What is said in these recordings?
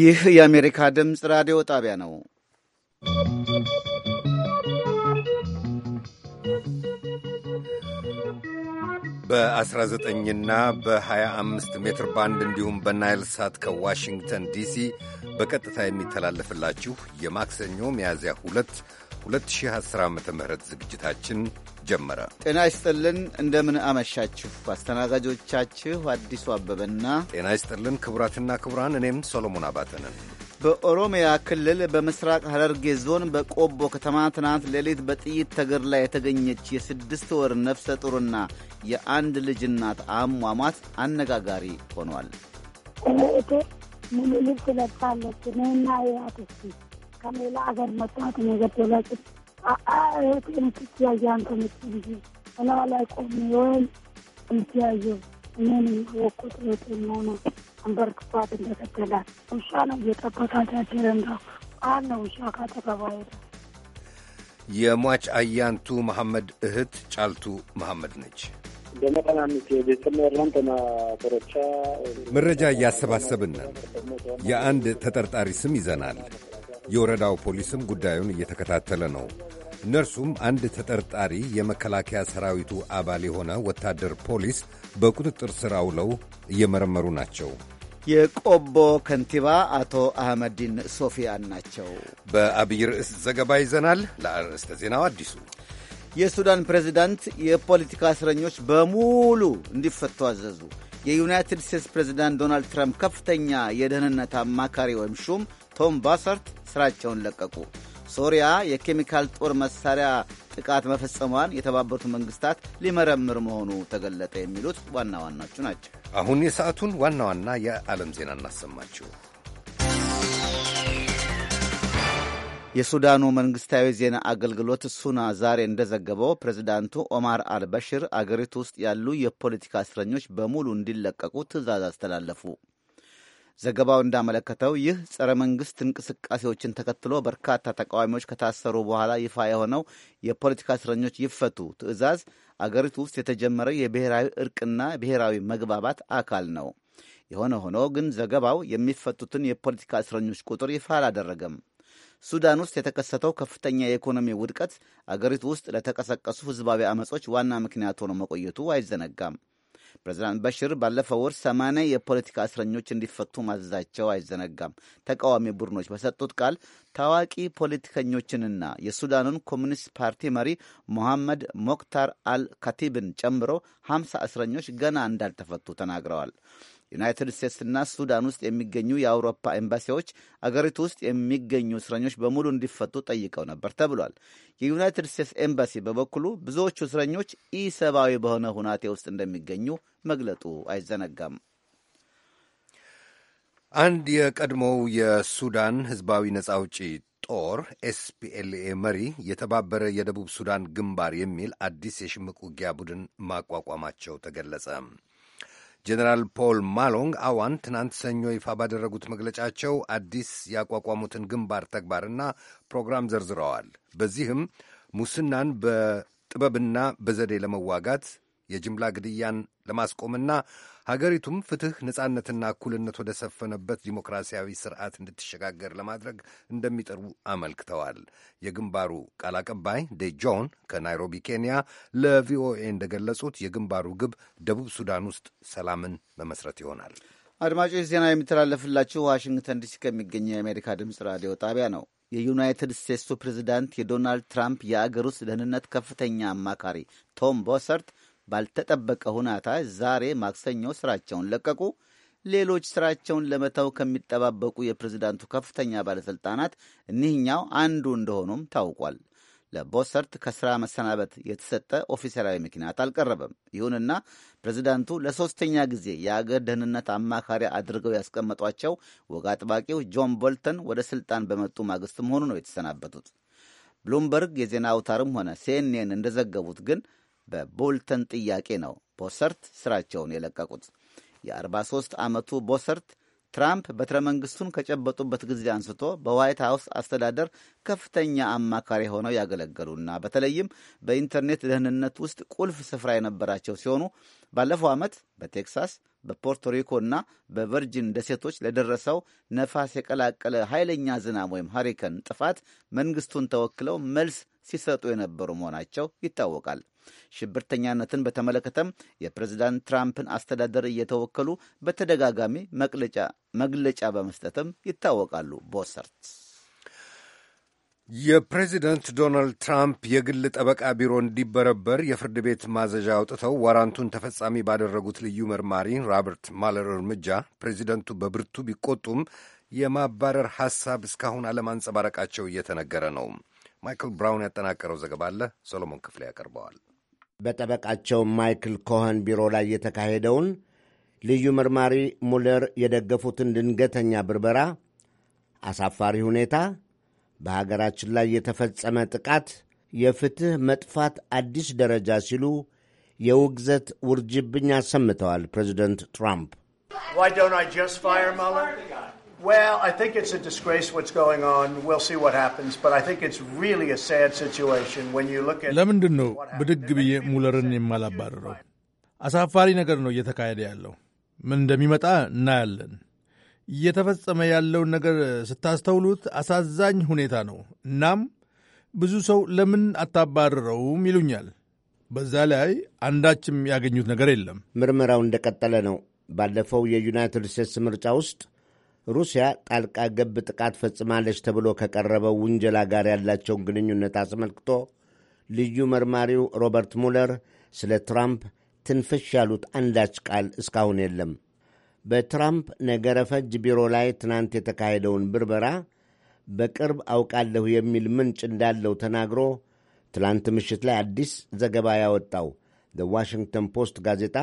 ይህ የአሜሪካ ድምፅ ራዲዮ ጣቢያ ነው። በ19 እና በ25 ሜትር ባንድ እንዲሁም በናይል ሳት ከዋሽንግተን ዲሲ በቀጥታ የሚተላለፍላችሁ የማክሰኞ ሚያዝያ 2 2010 ዓ ም ዝግጅታችን ጀመረ። ጤና ይስጥልን፣ እንደምን አመሻችሁ። አስተናጋጆቻችሁ አዲሱ አበበና ጤና ይስጥልን ክቡራትና ክቡራን፣ እኔም ሶሎሞን አባተ ነን። በኦሮሚያ ክልል በምስራቅ ሐረርጌ ዞን በቆቦ ከተማ ትናንት ሌሊት በጥይት ተገድላ የተገኘች የስድስት ወር ነፍሰ ጡርና የአንድ ልጅ እናት አሟሟት አነጋጋሪ ሆኗል። ሙሉ ልብስ ለብሳለች እና ከሌላ አገር መጣት የገደላቸው ትንስያየ አንተ ምት እንጂ እላዋ ላይ ቆም ወይም እንትያየው እኔን ወቁት ሬት መሆኑ አንበርክቷት እንደገደላት ውሻ ነው እየጠበቃት ያደረ እንደው ቃል ነው ውሻ ካጠገባ ሄደ። የሟች አያንቱ መሐመድ እህት ጫልቱ መሐመድ ነች። መረጃ እያሰባሰብን ነን። የአንድ ተጠርጣሪ ስም ይዘናል። የወረዳው ፖሊስም ጉዳዩን እየተከታተለ ነው። እነርሱም አንድ ተጠርጣሪ የመከላከያ ሰራዊቱ አባል የሆነ ወታደር ፖሊስ በቁጥጥር ስር አውለው እየመረመሩ ናቸው። የቆቦ ከንቲባ አቶ አህመዲን ሶፊያን ናቸው። በአብይ ርዕስ ዘገባ ይዘናል። ለአርዕስተ ዜናው አዲሱ የሱዳን ፕሬዚዳንት የፖለቲካ እስረኞች በሙሉ እንዲፈቱ አዘዙ። የዩናይትድ ስቴትስ ፕሬዚዳንት ዶናልድ ትራምፕ ከፍተኛ የደህንነት አማካሪ ወይም ሹም ቶም ባሰርት ስራቸውን ለቀቁ። ሶሪያ የኬሚካል ጦር መሳሪያ ጥቃት መፈጸሟን የተባበሩት መንግስታት ሊመረምር መሆኑ ተገለጠ። የሚሉት ዋና ዋናዎቹ ናቸው። አሁን የሰዓቱን ዋና ዋና የዓለም ዜና እናሰማችሁ። የሱዳኑ መንግስታዊ ዜና አገልግሎት ሱና ዛሬ እንደዘገበው ፕሬዚዳንቱ ኦማር አልበሽር አገሪቱ ውስጥ ያሉ የፖለቲካ እስረኞች በሙሉ እንዲለቀቁ ትዕዛዝ አስተላለፉ። ዘገባው እንዳመለከተው ይህ ጸረ መንግስት እንቅስቃሴዎችን ተከትሎ በርካታ ተቃዋሚዎች ከታሰሩ በኋላ ይፋ የሆነው የፖለቲካ እስረኞች ይፈቱ ትዕዛዝ አገሪቱ ውስጥ የተጀመረ የብሔራዊ እርቅና ብሔራዊ መግባባት አካል ነው። የሆነ ሆኖ ግን ዘገባው የሚፈቱትን የፖለቲካ እስረኞች ቁጥር ይፋ አላደረገም። ሱዳን ውስጥ የተከሰተው ከፍተኛ የኢኮኖሚ ውድቀት አገሪቱ ውስጥ ለተቀሰቀሱ ህዝባዊ አመጾች ዋና ምክንያት ሆኖ መቆየቱ አይዘነጋም። ፕሬዚዳንት በሽር ባለፈው ወር ሰማንያ የፖለቲካ እስረኞች እንዲፈቱ ማዘዛቸው አይዘነጋም። ተቃዋሚ ቡድኖች በሰጡት ቃል ታዋቂ ፖለቲከኞችንና የሱዳኑን ኮሚኒስት ፓርቲ መሪ ሞሐመድ ሞክታር አል ካቲብን ጨምሮ ሀምሳ እስረኞች ገና እንዳልተፈቱ ተናግረዋል። ዩናይትድ ስቴትስና ሱዳን ውስጥ የሚገኙ የአውሮፓ ኤምባሲዎች አገሪቱ ውስጥ የሚገኙ እስረኞች በሙሉ እንዲፈቱ ጠይቀው ነበር ተብሏል። የዩናይትድ ስቴትስ ኤምባሲ በበኩሉ ብዙዎቹ እስረኞች ኢሰብአዊ በሆነ ሁናቴ ውስጥ እንደሚገኙ መግለጡ አይዘነጋም። አንድ የቀድሞው የሱዳን ህዝባዊ ነጻ አውጪ ጦር ኤስፒኤልኤ መሪ የተባበረ የደቡብ ሱዳን ግንባር የሚል አዲስ የሽምቅ ውጊያ ቡድን ማቋቋማቸው ተገለጸ። ጀኔራል ፖል ማሎንግ አዋን ትናንት ሰኞ ይፋ ባደረጉት መግለጫቸው አዲስ ያቋቋሙትን ግንባር ተግባርና ፕሮግራም ዘርዝረዋል። በዚህም ሙስናን በጥበብና በዘዴ ለመዋጋት የጅምላ ግድያን ለማስቆምና ሀገሪቱም ፍትህ፣ ነጻነትና እኩልነት ወደ ሰፈነበት ዲሞክራሲያዊ ስርዓት እንድትሸጋገር ለማድረግ እንደሚጠሩ አመልክተዋል። የግንባሩ ቃል አቀባይ ዴ ጆን ከናይሮቢ ኬንያ ለቪኦኤ እንደገለጹት የግንባሩ ግብ ደቡብ ሱዳን ውስጥ ሰላምን መመስረት ይሆናል። አድማጮች፣ ዜና የሚተላለፍላችሁ ዋሽንግተን ዲሲ ከሚገኘው የአሜሪካ ድምፅ ራዲዮ ጣቢያ ነው። የዩናይትድ ስቴትሱ ፕሬዚዳንት የዶናልድ ትራምፕ የአገር ውስጥ ደህንነት ከፍተኛ አማካሪ ቶም ቦሰርት ባልተጠበቀ ሁኔታ ዛሬ ማክሰኞ ስራቸውን ለቀቁ። ሌሎች ስራቸውን ለመተው ከሚጠባበቁ የፕሬዝዳንቱ ከፍተኛ ባለሥልጣናት እኒህኛው አንዱ እንደሆኑም ታውቋል። ለቦሰርት ከሥራ መሰናበት የተሰጠ ኦፊሴላዊ ምክንያት አልቀረበም። ይሁንና ፕሬዚዳንቱ ለሦስተኛ ጊዜ የአገር ደህንነት አማካሪ አድርገው ያስቀመጧቸው ወግ አጥባቂው ጆን ቦልተን ወደ ሥልጣን በመጡ ማግስት መሆኑ ነው የተሰናበቱት። ብሉምበርግ የዜና አውታርም ሆነ ሲኤንኤን እንደዘገቡት ግን በቦልተን ጥያቄ ነው ቦሰርት ስራቸውን የለቀቁት። የ43 ዓመቱ ቦሰርት ትራምፕ በትረ መንግስቱን ከጨበጡበት ጊዜ አንስቶ በዋይት ሀውስ አስተዳደር ከፍተኛ አማካሪ ሆነው ያገለገሉና በተለይም በኢንተርኔት ደህንነት ውስጥ ቁልፍ ስፍራ የነበራቸው ሲሆኑ ባለፈው ዓመት በቴክሳስ በፖርቶሪኮ እና በቨርጂን ደሴቶች ለደረሰው ነፋስ የቀላቀለ ኃይለኛ ዝናብ ወይም ሀሪከን ጥፋት መንግስቱን ተወክለው መልስ ሲሰጡ የነበሩ መሆናቸው ይታወቃል። ሽብርተኛነትን በተመለከተም የፕሬዚዳንት ትራምፕን አስተዳደር እየተወከሉ በተደጋጋሚ መግለጫ በመስጠትም ይታወቃሉ። ቦሰርት የፕሬዚደንት ዶናልድ ትራምፕ የግል ጠበቃ ቢሮ እንዲበረበር የፍርድ ቤት ማዘዣ አውጥተው ዋራንቱን ተፈጻሚ ባደረጉት ልዩ መርማሪ ሮበርት ማለር እርምጃ ፕሬዚደንቱ በብርቱ ቢቆጡም የማባረር ሐሳብ እስካሁን አለማንጸባረቃቸው እየተነገረ ነው። ማይክል ብራውን ያጠናቀረው ዘገባ አለ። ሰሎሞን ክፍሌ ያቀርበዋል። በጠበቃቸው ማይክል ኮኸን ቢሮ ላይ የተካሄደውን ልዩ መርማሪ ሙለር የደገፉትን ድንገተኛ ብርበራ አሳፋሪ ሁኔታ፣ በሀገራችን ላይ የተፈጸመ ጥቃት፣ የፍትሕ መጥፋት አዲስ ደረጃ ሲሉ የውግዘት ውርጅብኝ አሰምተዋል። ፕሬዚደንት ትራምፕ Well, I think it's a disgrace what's going on. We'll see what happens, but I think it's really a sad situation when you look at ለምንድን ነው ብድግ ብዬ ሙለርን የማላባረረው? አሳፋሪ ነገር ነው እየተካሄደ ያለው። ምን እንደሚመጣ እናያለን። እየተፈጸመ ያለውን ነገር ስታስተውሉት አሳዛኝ ሁኔታ ነው። እናም ብዙ ሰው ለምን አታባረረውም ይሉኛል። በዛ ላይ አንዳችም ያገኙት ነገር የለም። ምርመራው እንደቀጠለ ነው። ባለፈው የዩናይትድ ስቴትስ ምርጫ ውስጥ ሩሲያ ጣልቃ ገብ ጥቃት ፈጽማለች ተብሎ ከቀረበው ውንጀላ ጋር ያላቸውን ግንኙነት አስመልክቶ ልዩ መርማሪው ሮበርት ሙለር ስለ ትራምፕ ትንፍሽ ያሉት አንዳች ቃል እስካሁን የለም። በትራምፕ ነገረ ፈጅ ቢሮ ላይ ትናንት የተካሄደውን ብርበራ በቅርብ አውቃለሁ የሚል ምንጭ እንዳለው ተናግሮ ትላንት ምሽት ላይ አዲስ ዘገባ ያወጣው ዘ ዋሽንግተን ፖስት ጋዜጣ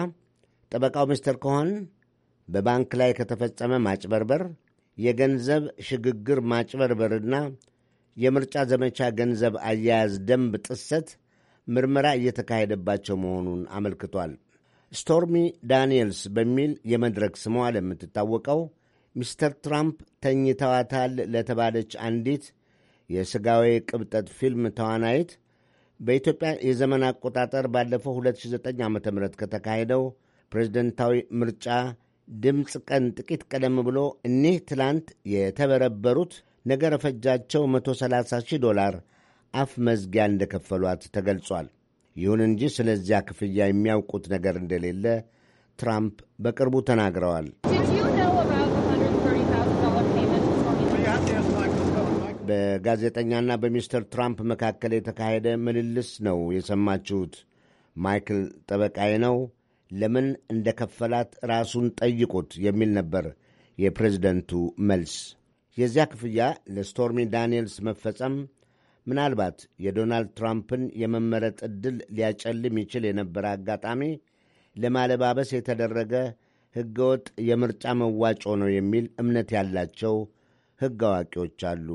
ጠበቃው ሚስተር ከሆን በባንክ ላይ ከተፈጸመ ማጭበርበር፣ የገንዘብ ሽግግር ማጭበርበርና የምርጫ ዘመቻ ገንዘብ አያያዝ ደንብ ጥሰት ምርመራ እየተካሄደባቸው መሆኑን አመልክቷል። ስቶርሚ ዳንኤልስ በሚል የመድረክ ስሟ ለምትታወቀው ሚስተር ትራምፕ ተኝተዋታል ለተባለች አንዲት የሥጋዊ ቅብጠት ፊልም ተዋናይት በኢትዮጵያ የዘመን አቆጣጠር ባለፈው 2009 ዓ ም ከተካሄደው ፕሬዝደንታዊ ምርጫ ድምፅ ቀን ጥቂት ቀደም ብሎ እኒህ ትላንት የተበረበሩት ነገር ፈጃቸው 130 ሺህ ዶላር አፍ መዝጊያ እንደከፈሏት ተገልጿል። ይሁን እንጂ ስለዚያ ክፍያ የሚያውቁት ነገር እንደሌለ ትራምፕ በቅርቡ ተናግረዋል። በጋዜጠኛና በሚስተር ትራምፕ መካከል የተካሄደ ምልልስ ነው የሰማችሁት። ማይክል ጠበቃዬ ነው። ለምን እንደ ከፈላት ራሱን ጠይቁት የሚል ነበር የፕሬዝደንቱ መልስ። የዚያ ክፍያ ለስቶርሚ ዳንኤልስ መፈጸም ምናልባት የዶናልድ ትራምፕን የመመረጥ ዕድል ሊያጨልም ይችል የነበረ አጋጣሚ ለማለባበስ የተደረገ ሕገወጥ የምርጫ መዋጮ ነው የሚል እምነት ያላቸው ሕግ አዋቂዎች አሉ።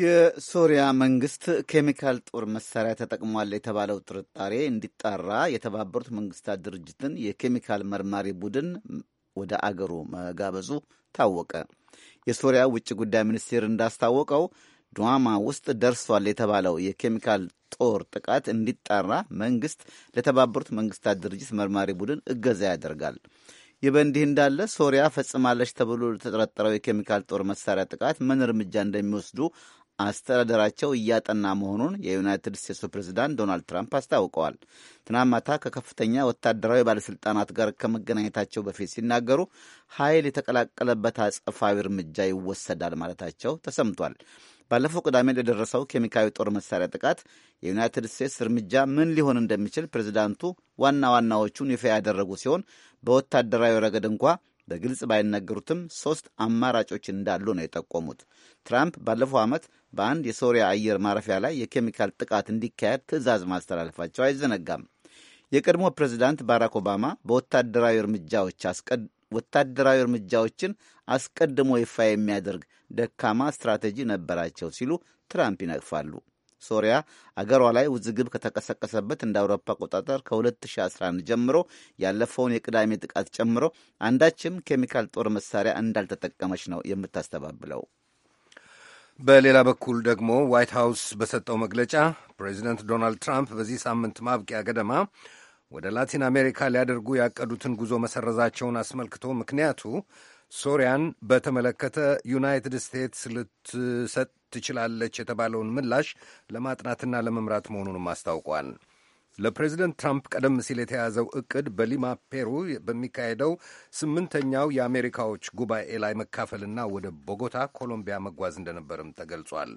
የሶሪያ መንግስት ኬሚካል ጦር መሳሪያ ተጠቅሟል የተባለው ጥርጣሬ እንዲጣራ የተባበሩት መንግስታት ድርጅትን የኬሚካል መርማሪ ቡድን ወደ አገሩ መጋበዙ ታወቀ። የሶሪያ ውጭ ጉዳይ ሚኒስቴር እንዳስታወቀው ዱዋማ ውስጥ ደርሷል የተባለው የኬሚካል ጦር ጥቃት እንዲጣራ መንግስት ለተባበሩት መንግስታት ድርጅት መርማሪ ቡድን እገዛ ያደርጋል። ይህ በእንዲህ እንዳለ ሶሪያ ፈጽማለች ተብሎ ለተጠረጠረው የኬሚካል ጦር መሳሪያ ጥቃት ምን እርምጃ እንደሚወስዱ አስተዳደራቸው እያጠና መሆኑን የዩናይትድ ስቴትሱ ፕሬዝዳንት ዶናልድ ትራምፕ አስታውቀዋል። ትናንት ማታ ከከፍተኛ ወታደራዊ ባለሥልጣናት ጋር ከመገናኘታቸው በፊት ሲናገሩ ኃይል የተቀላቀለበት አጸፋዊ እርምጃ ይወሰዳል ማለታቸው ተሰምቷል። ባለፈው ቅዳሜ ለደረሰው ኬሚካዊ ጦር መሳሪያ ጥቃት የዩናይትድ ስቴትስ እርምጃ ምን ሊሆን እንደሚችል ፕሬዚዳንቱ ዋና ዋናዎቹን ይፋ ያደረጉ ሲሆን በወታደራዊ ረገድ እንኳ በግልጽ ባይነገሩትም ሶስት አማራጮች እንዳሉ ነው የጠቆሙት። ትራምፕ ባለፈው ዓመት በአንድ የሶሪያ አየር ማረፊያ ላይ የኬሚካል ጥቃት እንዲካሄድ ትዕዛዝ ማስተላለፋቸው አይዘነጋም። የቀድሞ ፕሬዚዳንት ባራክ ኦባማ በወታደራዊ እርምጃዎች ወታደራዊ እርምጃዎችን አስቀድሞ ይፋ የሚያደርግ ደካማ ስትራቴጂ ነበራቸው ሲሉ ትራምፕ ይነቅፋሉ። ሶሪያ አገሯ ላይ ውዝግብ ከተቀሰቀሰበት እንደ አውሮፓ አቆጣጠር ከ2011 ጀምሮ ያለፈውን የቅዳሜ ጥቃት ጨምሮ አንዳችም ኬሚካል ጦር መሳሪያ እንዳልተጠቀመች ነው የምታስተባብለው። በሌላ በኩል ደግሞ ዋይት ሃውስ በሰጠው መግለጫ ፕሬዚደንት ዶናልድ ትራምፕ በዚህ ሳምንት ማብቂያ ገደማ ወደ ላቲን አሜሪካ ሊያደርጉ ያቀዱትን ጉዞ መሰረዛቸውን አስመልክቶ ምክንያቱ ሶሪያን በተመለከተ ዩናይትድ ስቴትስ ልትሰጥ ትችላለች የተባለውን ምላሽ ለማጥናትና ለመምራት መሆኑንም አስታውቋል። ለፕሬዚደንት ትራምፕ ቀደም ሲል የተያዘው እቅድ በሊማ ፔሩ በሚካሄደው ስምንተኛው የአሜሪካዎች ጉባኤ ላይ መካፈልና ወደ ቦጎታ ኮሎምቢያ መጓዝ እንደነበርም ተገልጿል።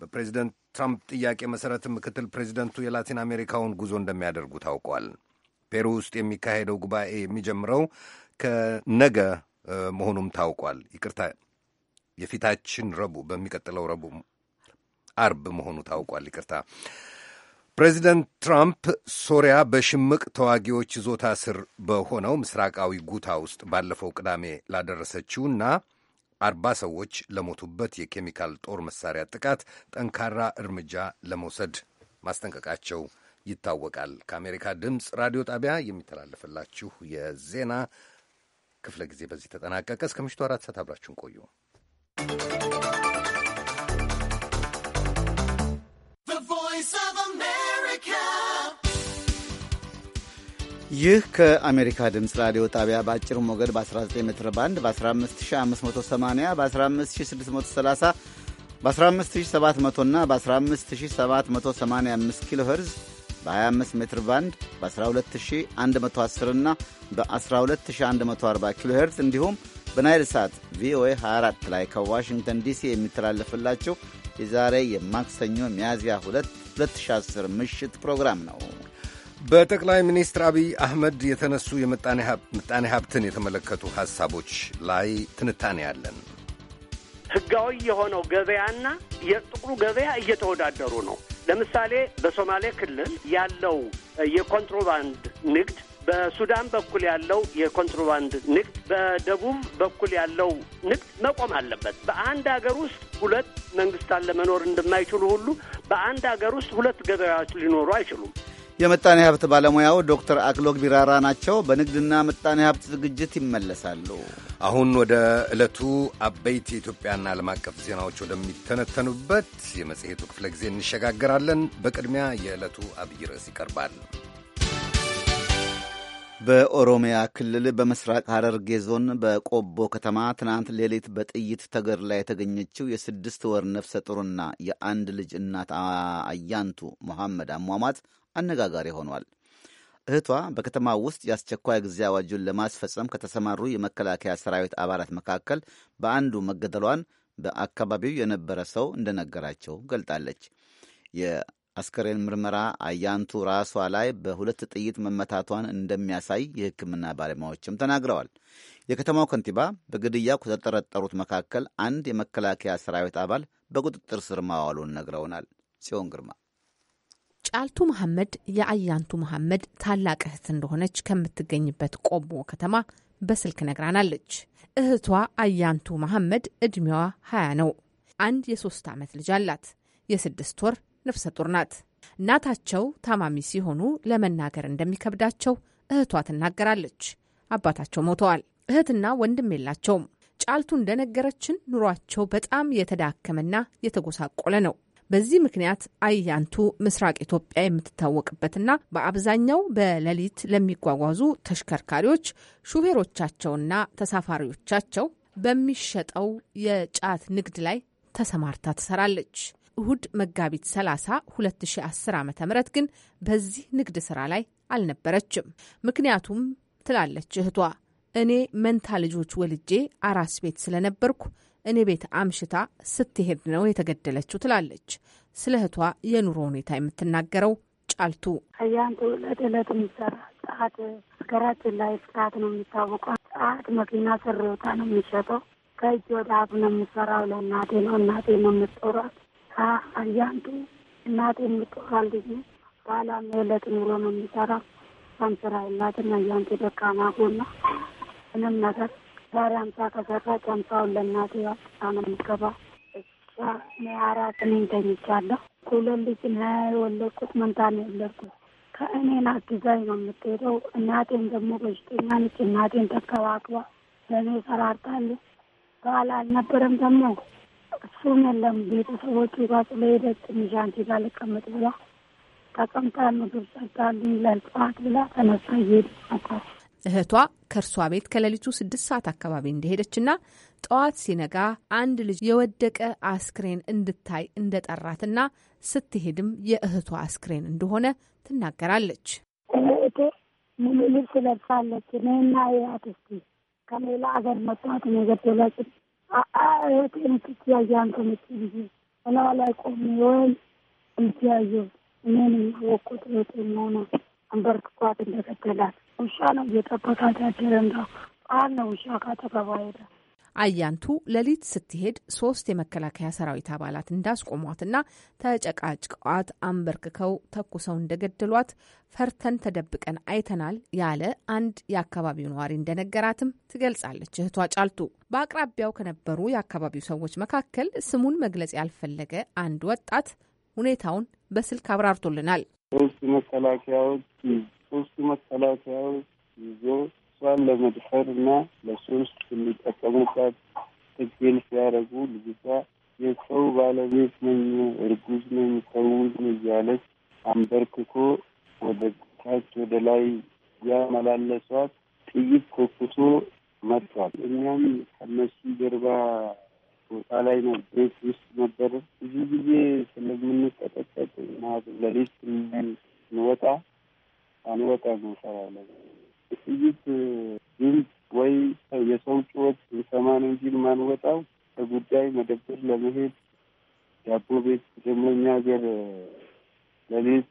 በፕሬዚደንት ትራምፕ ጥያቄ መሠረት ምክትል ፕሬዚደንቱ የላቲን አሜሪካውን ጉዞ እንደሚያደርጉ ታውቋል። ፔሩ ውስጥ የሚካሄደው ጉባኤ የሚጀምረው ከነገ መሆኑም ታውቋል። ይቅርታ የፊታችን ረቡዕ በሚቀጥለው ረቡዕ አርብ መሆኑ ታውቋል። ይቅርታ። ፕሬዚደንት ትራምፕ ሶሪያ በሽምቅ ተዋጊዎች ይዞታ ስር በሆነው ምስራቃዊ ጉታ ውስጥ ባለፈው ቅዳሜ ላደረሰችውና አርባ ሰዎች ለሞቱበት የኬሚካል ጦር መሳሪያ ጥቃት ጠንካራ እርምጃ ለመውሰድ ማስጠንቀቃቸው ይታወቃል። ከአሜሪካ ድምፅ ራዲዮ ጣቢያ የሚተላለፍላችሁ የዜና ክፍለ ጊዜ በዚህ ተጠናቀቀ። እስከ ምሽቱ አራት ሰዓት አብራችሁን ቆዩ። ይህ ከአሜሪካ ድምፅ ራዲዮ ጣቢያ በአጭር ሞገድ በ19 ሜትር ባንድ በ15580 በ15630 በ15700 እና በ15785 ኪሎ ኸርዝ በ25 ሜትር ባንድ በ12110 እና በ12140 ኪሎ ኸርዝ እንዲሁም በናይል ሳት ቪኦኤ 24 ላይ ከዋሽንግተን ዲሲ የሚተላለፍላቸው የዛሬ የማክሰኞ ሚያዝያ 2 2010 ምሽት ፕሮግራም ነው። በጠቅላይ ሚኒስትር አብይ አህመድ የተነሱ የምጣኔ ሀብትን የተመለከቱ ሀሳቦች ላይ ትንታኔ ያለን። ህጋዊ የሆነው ገበያና የጥቁሩ ገበያ እየተወዳደሩ ነው። ለምሳሌ በሶማሌ ክልል ያለው የኮንትሮባንድ ንግድ በሱዳን በኩል ያለው የኮንትሮባንድ ንግድ፣ በደቡብ በኩል ያለው ንግድ መቆም አለበት። በአንድ ሀገር ውስጥ ሁለት መንግስታት ለመኖር እንደማይችሉ ሁሉ በአንድ ሀገር ውስጥ ሁለት ገበያዎች ሊኖሩ አይችሉም። የምጣኔ ሀብት ባለሙያው ዶክተር አክሎግ ቢራራ ናቸው። በንግድና ምጣኔ ሀብት ዝግጅት ይመለሳሉ። አሁን ወደ ዕለቱ አበይት የኢትዮጵያና ዓለም አቀፍ ዜናዎች ወደሚተነተኑበት የመጽሔቱ ክፍለ ጊዜ እንሸጋገራለን። በቅድሚያ የዕለቱ አብይ ርዕስ ይቀርባል። በኦሮሚያ ክልል በምስራቅ ሐረርጌ ዞን በቆቦ ከተማ ትናንት ሌሊት በጥይት ተገድላ የተገኘችው የስድስት ወር ነፍሰ ጥሩና የአንድ ልጅ እናት አያንቱ መሐመድ አሟሟት አነጋጋሪ ሆኗል። እህቷ በከተማ ውስጥ የአስቸኳይ ጊዜ አዋጁን ለማስፈጸም ከተሰማሩ የመከላከያ ሰራዊት አባላት መካከል በአንዱ መገደሏን በአካባቢው የነበረ ሰው እንደነገራቸው ገልጣለች። አስከሬን ምርመራ አያንቱ ራሷ ላይ በሁለት ጥይት መመታቷን እንደሚያሳይ የሕክምና ባለሙያዎችም ተናግረዋል። የከተማው ከንቲባ በግድያው ከተጠረጠሩት መካከል አንድ የመከላከያ ሰራዊት አባል በቁጥጥር ስር ማዋሉን ነግረውናል። ጽዮን ግርማ ጫልቱ መሐመድ የአያንቱ መሐመድ ታላቅ እህት እንደሆነች ከምትገኝበት ቆቦ ከተማ በስልክ ነግራናለች። እህቷ አያንቱ መሐመድ ዕድሜዋ 20 ነው። አንድ የሶስት ዓመት ልጅ አላት። የስድስት ወር ነፍሰ ጡር ናት። እናታቸው ታማሚ ሲሆኑ ለመናገር እንደሚከብዳቸው እህቷ ትናገራለች። አባታቸው ሞተዋል። እህትና ወንድም የላቸውም። ጫልቱ እንደነገረችን ኑሯቸው በጣም የተዳከመና የተጎሳቆለ ነው። በዚህ ምክንያት አያንቱ ምስራቅ ኢትዮጵያ የምትታወቅበትና በአብዛኛው በሌሊት ለሚጓጓዙ ተሽከርካሪዎች ሹፌሮቻቸውና ተሳፋሪዎቻቸው በሚሸጠው የጫት ንግድ ላይ ተሰማርታ ትሰራለች። እሁድ መጋቢት 30 2010 ዓ ም ግን በዚህ ንግድ ስራ ላይ አልነበረችም። ምክንያቱም ትላለች እህቷ፣ እኔ መንታ ልጆች ወልጄ አራስ ቤት ስለነበርኩ እኔ ቤት አምሽታ ስትሄድ ነው የተገደለችው ትላለች። ስለ እህቷ የኑሮ ሁኔታ የምትናገረው ጫልቱ ከያንተ ዕለት ዕለት የሚሰራ ጣት ሀገራችን ላይ ስርዓት ነው የሚታወቀው። ጣት መኪና ስር ስሬውታ ነው የሚሸጠው። ከእጅ ወደ አፍ ነው የምሰራው። ለእናቴ ነው እናቴ ነው የምጦሯት ሳ አያንቱ እናት የምትባል ልጅ ባላ የዕለት ኑሮ ነው የሚሰራ ሳንስራ እናትን አያንቱ ደካማ ሆና ምንም ነገር ዛሬ አምሳ ከሰራ ጨምሳውን ለእናቴ ያጣ ነው የምትገባ። እሷ እኔ አራት ተኝቻለሁ። ሁለት ልጅ ነው የወለድኩት፣ መንታ ነው የወለድኩት። ከእኔን አግዛኝ ነው የምትሄደው። እናቴን ደግሞ በሽተኛ ነች። እናቴን ተከባክባ ለእኔ ሰራርታለች። ባል አልነበረም ደግሞ እሱም የለም ቤተሰቦቹ ባጡ ለሄደች ትንሽ አንቺ ጋር ልቀመጥ ብላ ተቀምጣ ምግብ ሰርታልኝ ለጠዋት ብላ ተነሳ እየሄድ ነበር። እህቷ ከእርሷ ቤት ከሌሊቱ ስድስት ሰዓት አካባቢ እንደሄደችና ጠዋት ሲነጋ አንድ ልጅ የወደቀ አስክሬን እንድታይ እንደጠራትና ስትሄድም የእህቷ አስክሬን እንደሆነ ትናገራለች። እህቴ ሙሉ ልብስ ለብሳለች። እኔና የአክስቴ ከሌላ አገር መጥቷት ነገር የገደሏችን እህቴን ስትያየ አንተ መቼ ጊዜ ላይ ቆሜ ወይም እምትያየው እኔን እህቴ መሆኗ አንበርክኳት እንደከተላት ውሻ ነው እየጠበቃት ያደረ። እንዳ ጣል ነው ውሻ ካጠገቧ ሄዳ አያንቱ ሌሊት ስትሄድ ሶስት የመከላከያ ሰራዊት አባላት እንዳስቆሟትና ተጨቃጭቀዋት አንበርክከው ተኩሰው እንደገደሏት ፈርተን ተደብቀን አይተናል ያለ አንድ የአካባቢው ነዋሪ እንደነገራትም ትገልጻለች። እህቷ ጫልቱ በአቅራቢያው ከነበሩ የአካባቢው ሰዎች መካከል ስሙን መግለጽ ያልፈለገ አንድ ወጣት ሁኔታውን በስልክ አብራርቶልናል። ሶስት መከላከያዎች ሶስት መከላከያዎች ይዞ እሷን ለመድፈር እና ለሶስት የሚጠቀሙባት ህግን ሲያደርጉ ልጅቷ የሰው ባለቤት ነኝ፣ እርጉዝ ነኝ፣ ሰውኝ እያለች አንበርክኮ ወደ ታች ወደ ላይ ያመላለሷት ጥይት ኮኩቶ መጥቷል። እኛም ከነሱ ጀርባ ቦታ ላይ ነው ቤት ውስጥ ነበር። ብዙ ጊዜ ስለምንቀጠቀጥ ለሌት ስንወጣ አንወጣ እንሰራለን ጥይት ድምፅ ወይ የሰው ጩኸት ልሰማን እንጂ የማንወጣው ከጉዳይ መደብር ለመሄድ ዳቦ ቤት ደግሞ እኛ ሀገር ለሌት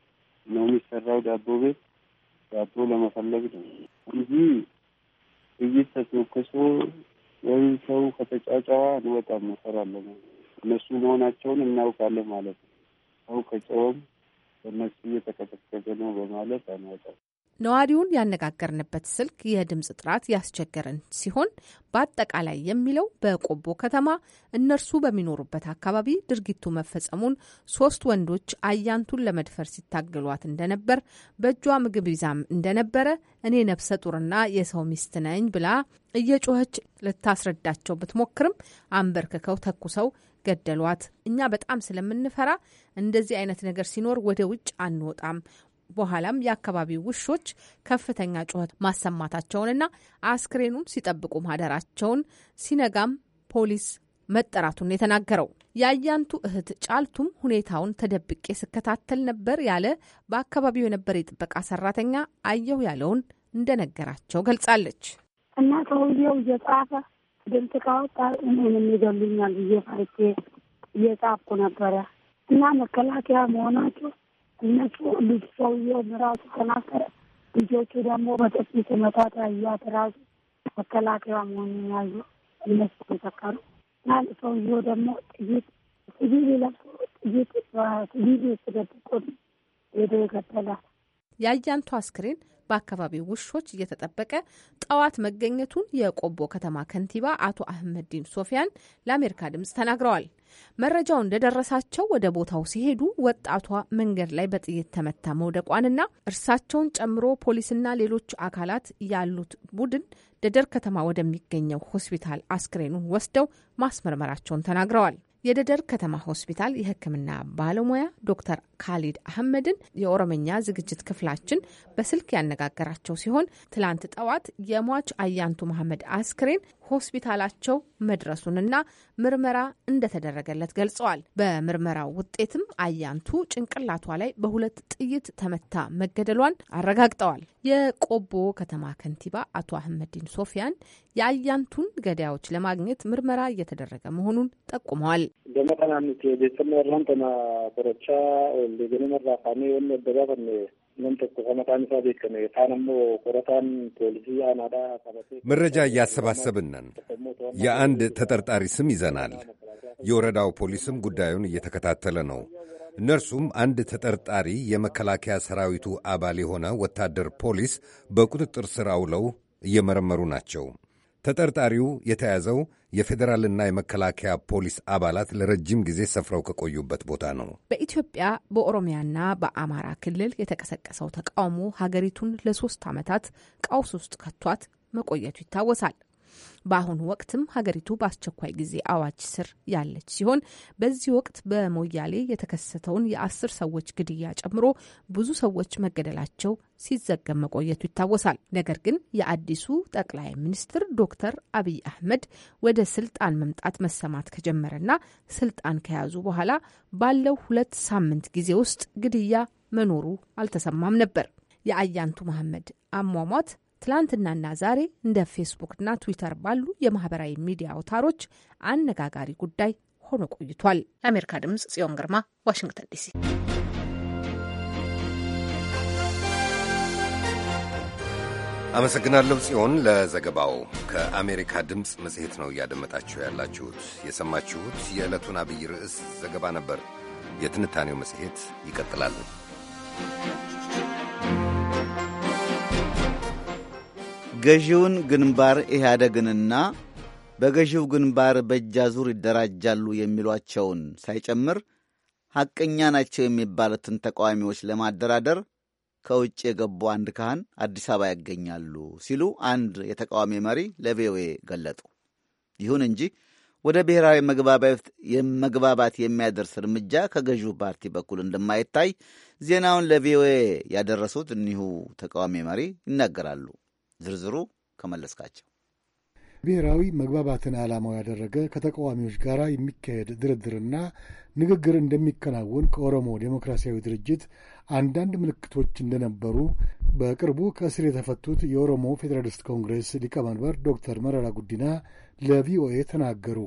ነው የሚሰራው ዳቦ ቤት ዳቦ ለመፈለግ ነው እንጂ ጥይት ተተኩሶ ወይ ሰው ከተጫጫዋ አንወጣም፣ እንሰራለን። እነሱ መሆናቸውን እናውቃለን ማለት ነው። ሰው ከጨውም በእነሱ እየተቀጠቀጠ ነው በማለት አንወጣም። ነዋሪውን ያነጋገርንበት ስልክ የድምፅ ጥራት ያስቸገረን ሲሆን በአጠቃላይ የሚለው በቆቦ ከተማ እነርሱ በሚኖሩበት አካባቢ ድርጊቱ መፈጸሙን፣ ሶስት ወንዶች አያንቱን ለመድፈር ሲታገሏት እንደነበር፣ በእጇ ምግብ ይዛም እንደነበረ፣ እኔ ነፍሰ ጡርና የሰው ሚስት ነኝ ብላ እየጮኸች ልታስረዳቸው ብትሞክርም አንበርክከው ተኩሰው ገደሏት። እኛ በጣም ስለምንፈራ እንደዚህ አይነት ነገር ሲኖር ወደ ውጭ አንወጣም፣ በኋላም የአካባቢው ውሾች ከፍተኛ ጩኸት ማሰማታቸውንና አስክሬኑን ሲጠብቁ ማደራቸውን ሲነጋም ፖሊስ መጠራቱን የተናገረው የአያንቱ እህት ጫልቱም ሁኔታውን ተደብቄ ስከታተል ነበር ያለ በአካባቢው የነበረ የጥበቃ ሰራተኛ አየው ያለውን እንደነገራቸው ገልጻለች። እና ሰውየው እየጻፈ ድምፅ ካወጣ እኔንም ይገሉኛል ብዬ ፈርቼ እየጻፍኩ ነበረ እና መከላከያ መሆናቸው እነሱ ልጅ ሰውየውም ራሱ ተናገረ። ልጆቹ ደግሞ በጥፊ መታት ያያት ራሱ መከላከያ መሆኑን ያዩ እነሱ ተሰከሩ ያን ሰውየው ደግሞ ጥይት ሲቪል ለብሶ ጥይት ሲቪል ተደብቆ ሄዶ ይገደላል። የአያንቱ አስክሬን በአካባቢው ውሾች እየተጠበቀ ጠዋት መገኘቱን የቆቦ ከተማ ከንቲባ አቶ አህመድዲን ሶፊያን ለአሜሪካ ድምጽ ተናግረዋል። መረጃው እንደደረሳቸው ወደ ቦታው ሲሄዱ ወጣቷ መንገድ ላይ በጥይት ተመታ መውደቋንና እርሳቸውን ጨምሮ ፖሊስና ሌሎች አካላት ያሉት ቡድን ደደር ከተማ ወደሚገኘው ሆስፒታል አስክሬኑን ወስደው ማስመርመራቸውን ተናግረዋል። የደደር ከተማ ሆስፒታል የሕክምና ባለሙያ ዶክተር ካሊድ አህመድን የኦሮምኛ ዝግጅት ክፍላችን በስልክ ያነጋገራቸው ሲሆን ትላንት ጠዋት የሟች አያንቱ መሐመድ አስክሬን ሆስፒታላቸው መድረሱንና ምርመራ እንደተደረገለት ገልጸዋል። በምርመራው ውጤትም አያንቱ ጭንቅላቷ ላይ በሁለት ጥይት ተመታ መገደሏን አረጋግጠዋል። የቆቦ ከተማ ከንቲባ አቶ አህመዲን ሶፊያን የአያንቱን ገዳዮች ለማግኘት ምርመራ እየተደረገ መሆኑን ጠቁመዋል። መረጃ እያሰባሰብን ነን። የአንድ ተጠርጣሪ ስም ይዘናል። የወረዳው ፖሊስም ጉዳዩን እየተከታተለ ነው። እነርሱም አንድ ተጠርጣሪ የመከላከያ ሰራዊቱ አባል የሆነ ወታደር ፖሊስ በቁጥጥር ስር አውለው እየመረመሩ ናቸው። ተጠርጣሪው የተያዘው የፌዴራልና የመከላከያ ፖሊስ አባላት ለረጅም ጊዜ ሰፍረው ከቆዩበት ቦታ ነው። በኢትዮጵያ በኦሮሚያና በአማራ ክልል የተቀሰቀሰው ተቃውሞ ሀገሪቱን ለሶስት ዓመታት ቀውስ ውስጥ ከቷት መቆየቱ ይታወሳል። በአሁኑ ወቅትም ሀገሪቱ በአስቸኳይ ጊዜ አዋጅ ስር ያለች ሲሆን በዚህ ወቅት በሞያሌ የተከሰተውን የአስር ሰዎች ግድያ ጨምሮ ብዙ ሰዎች መገደላቸው ሲዘገብ መቆየቱ ይታወሳል። ነገር ግን የአዲሱ ጠቅላይ ሚኒስትር ዶክተር አብይ አህመድ ወደ ስልጣን መምጣት መሰማት ከጀመረና ስልጣን ከያዙ በኋላ ባለው ሁለት ሳምንት ጊዜ ውስጥ ግድያ መኖሩ አልተሰማም ነበር። የአያንቱ መሐመድ አሟሟት ትላንትናና ዛሬ እንደ ፌስቡክና ትዊተር ባሉ የማህበራዊ ሚዲያ አውታሮች አነጋጋሪ ጉዳይ ሆኖ ቆይቷል። የአሜሪካ ድምጽ ጽዮን ግርማ፣ ዋሽንግተን ዲሲ። አመሰግናለሁ ጽዮን ለዘገባው። ከአሜሪካ ድምፅ መጽሔት ነው እያደመጣችሁ ያላችሁት። የሰማችሁት የዕለቱን አብይ ርዕስ ዘገባ ነበር። የትንታኔው መጽሔት ይቀጥላል። ገዢውን ግንባር ኢህአደግንና በገዢው ግንባር በእጃዙር ይደራጃሉ የሚሏቸውን ሳይጨምር ሐቀኛ ናቸው የሚባሉትን ተቃዋሚዎች ለማደራደር ከውጭ የገቡ አንድ ካህን አዲስ አበባ ያገኛሉ ሲሉ አንድ የተቃዋሚ መሪ ለቪኦኤ ገለጡ። ይሁን እንጂ ወደ ብሔራዊ መግባባት የሚያደርስ እርምጃ ከገዢው ፓርቲ በኩል እንደማይታይ ዜናውን ለቪኦኤ ያደረሱት እኒሁ ተቃዋሚ መሪ ይናገራሉ። ዝርዝሩ ከመለስካቸው ብሔራዊ መግባባትን ዓላማው ያደረገ ከተቃዋሚዎች ጋር የሚካሄድ ድርድርና ንግግር እንደሚከናወን ከኦሮሞ ዴሞክራሲያዊ ድርጅት አንዳንድ ምልክቶች እንደነበሩ በቅርቡ ከእስር የተፈቱት የኦሮሞ ፌዴራሊስት ኮንግሬስ ሊቀመንበር ዶክተር መረራ ጉዲና ለቪኦኤ ተናገሩ።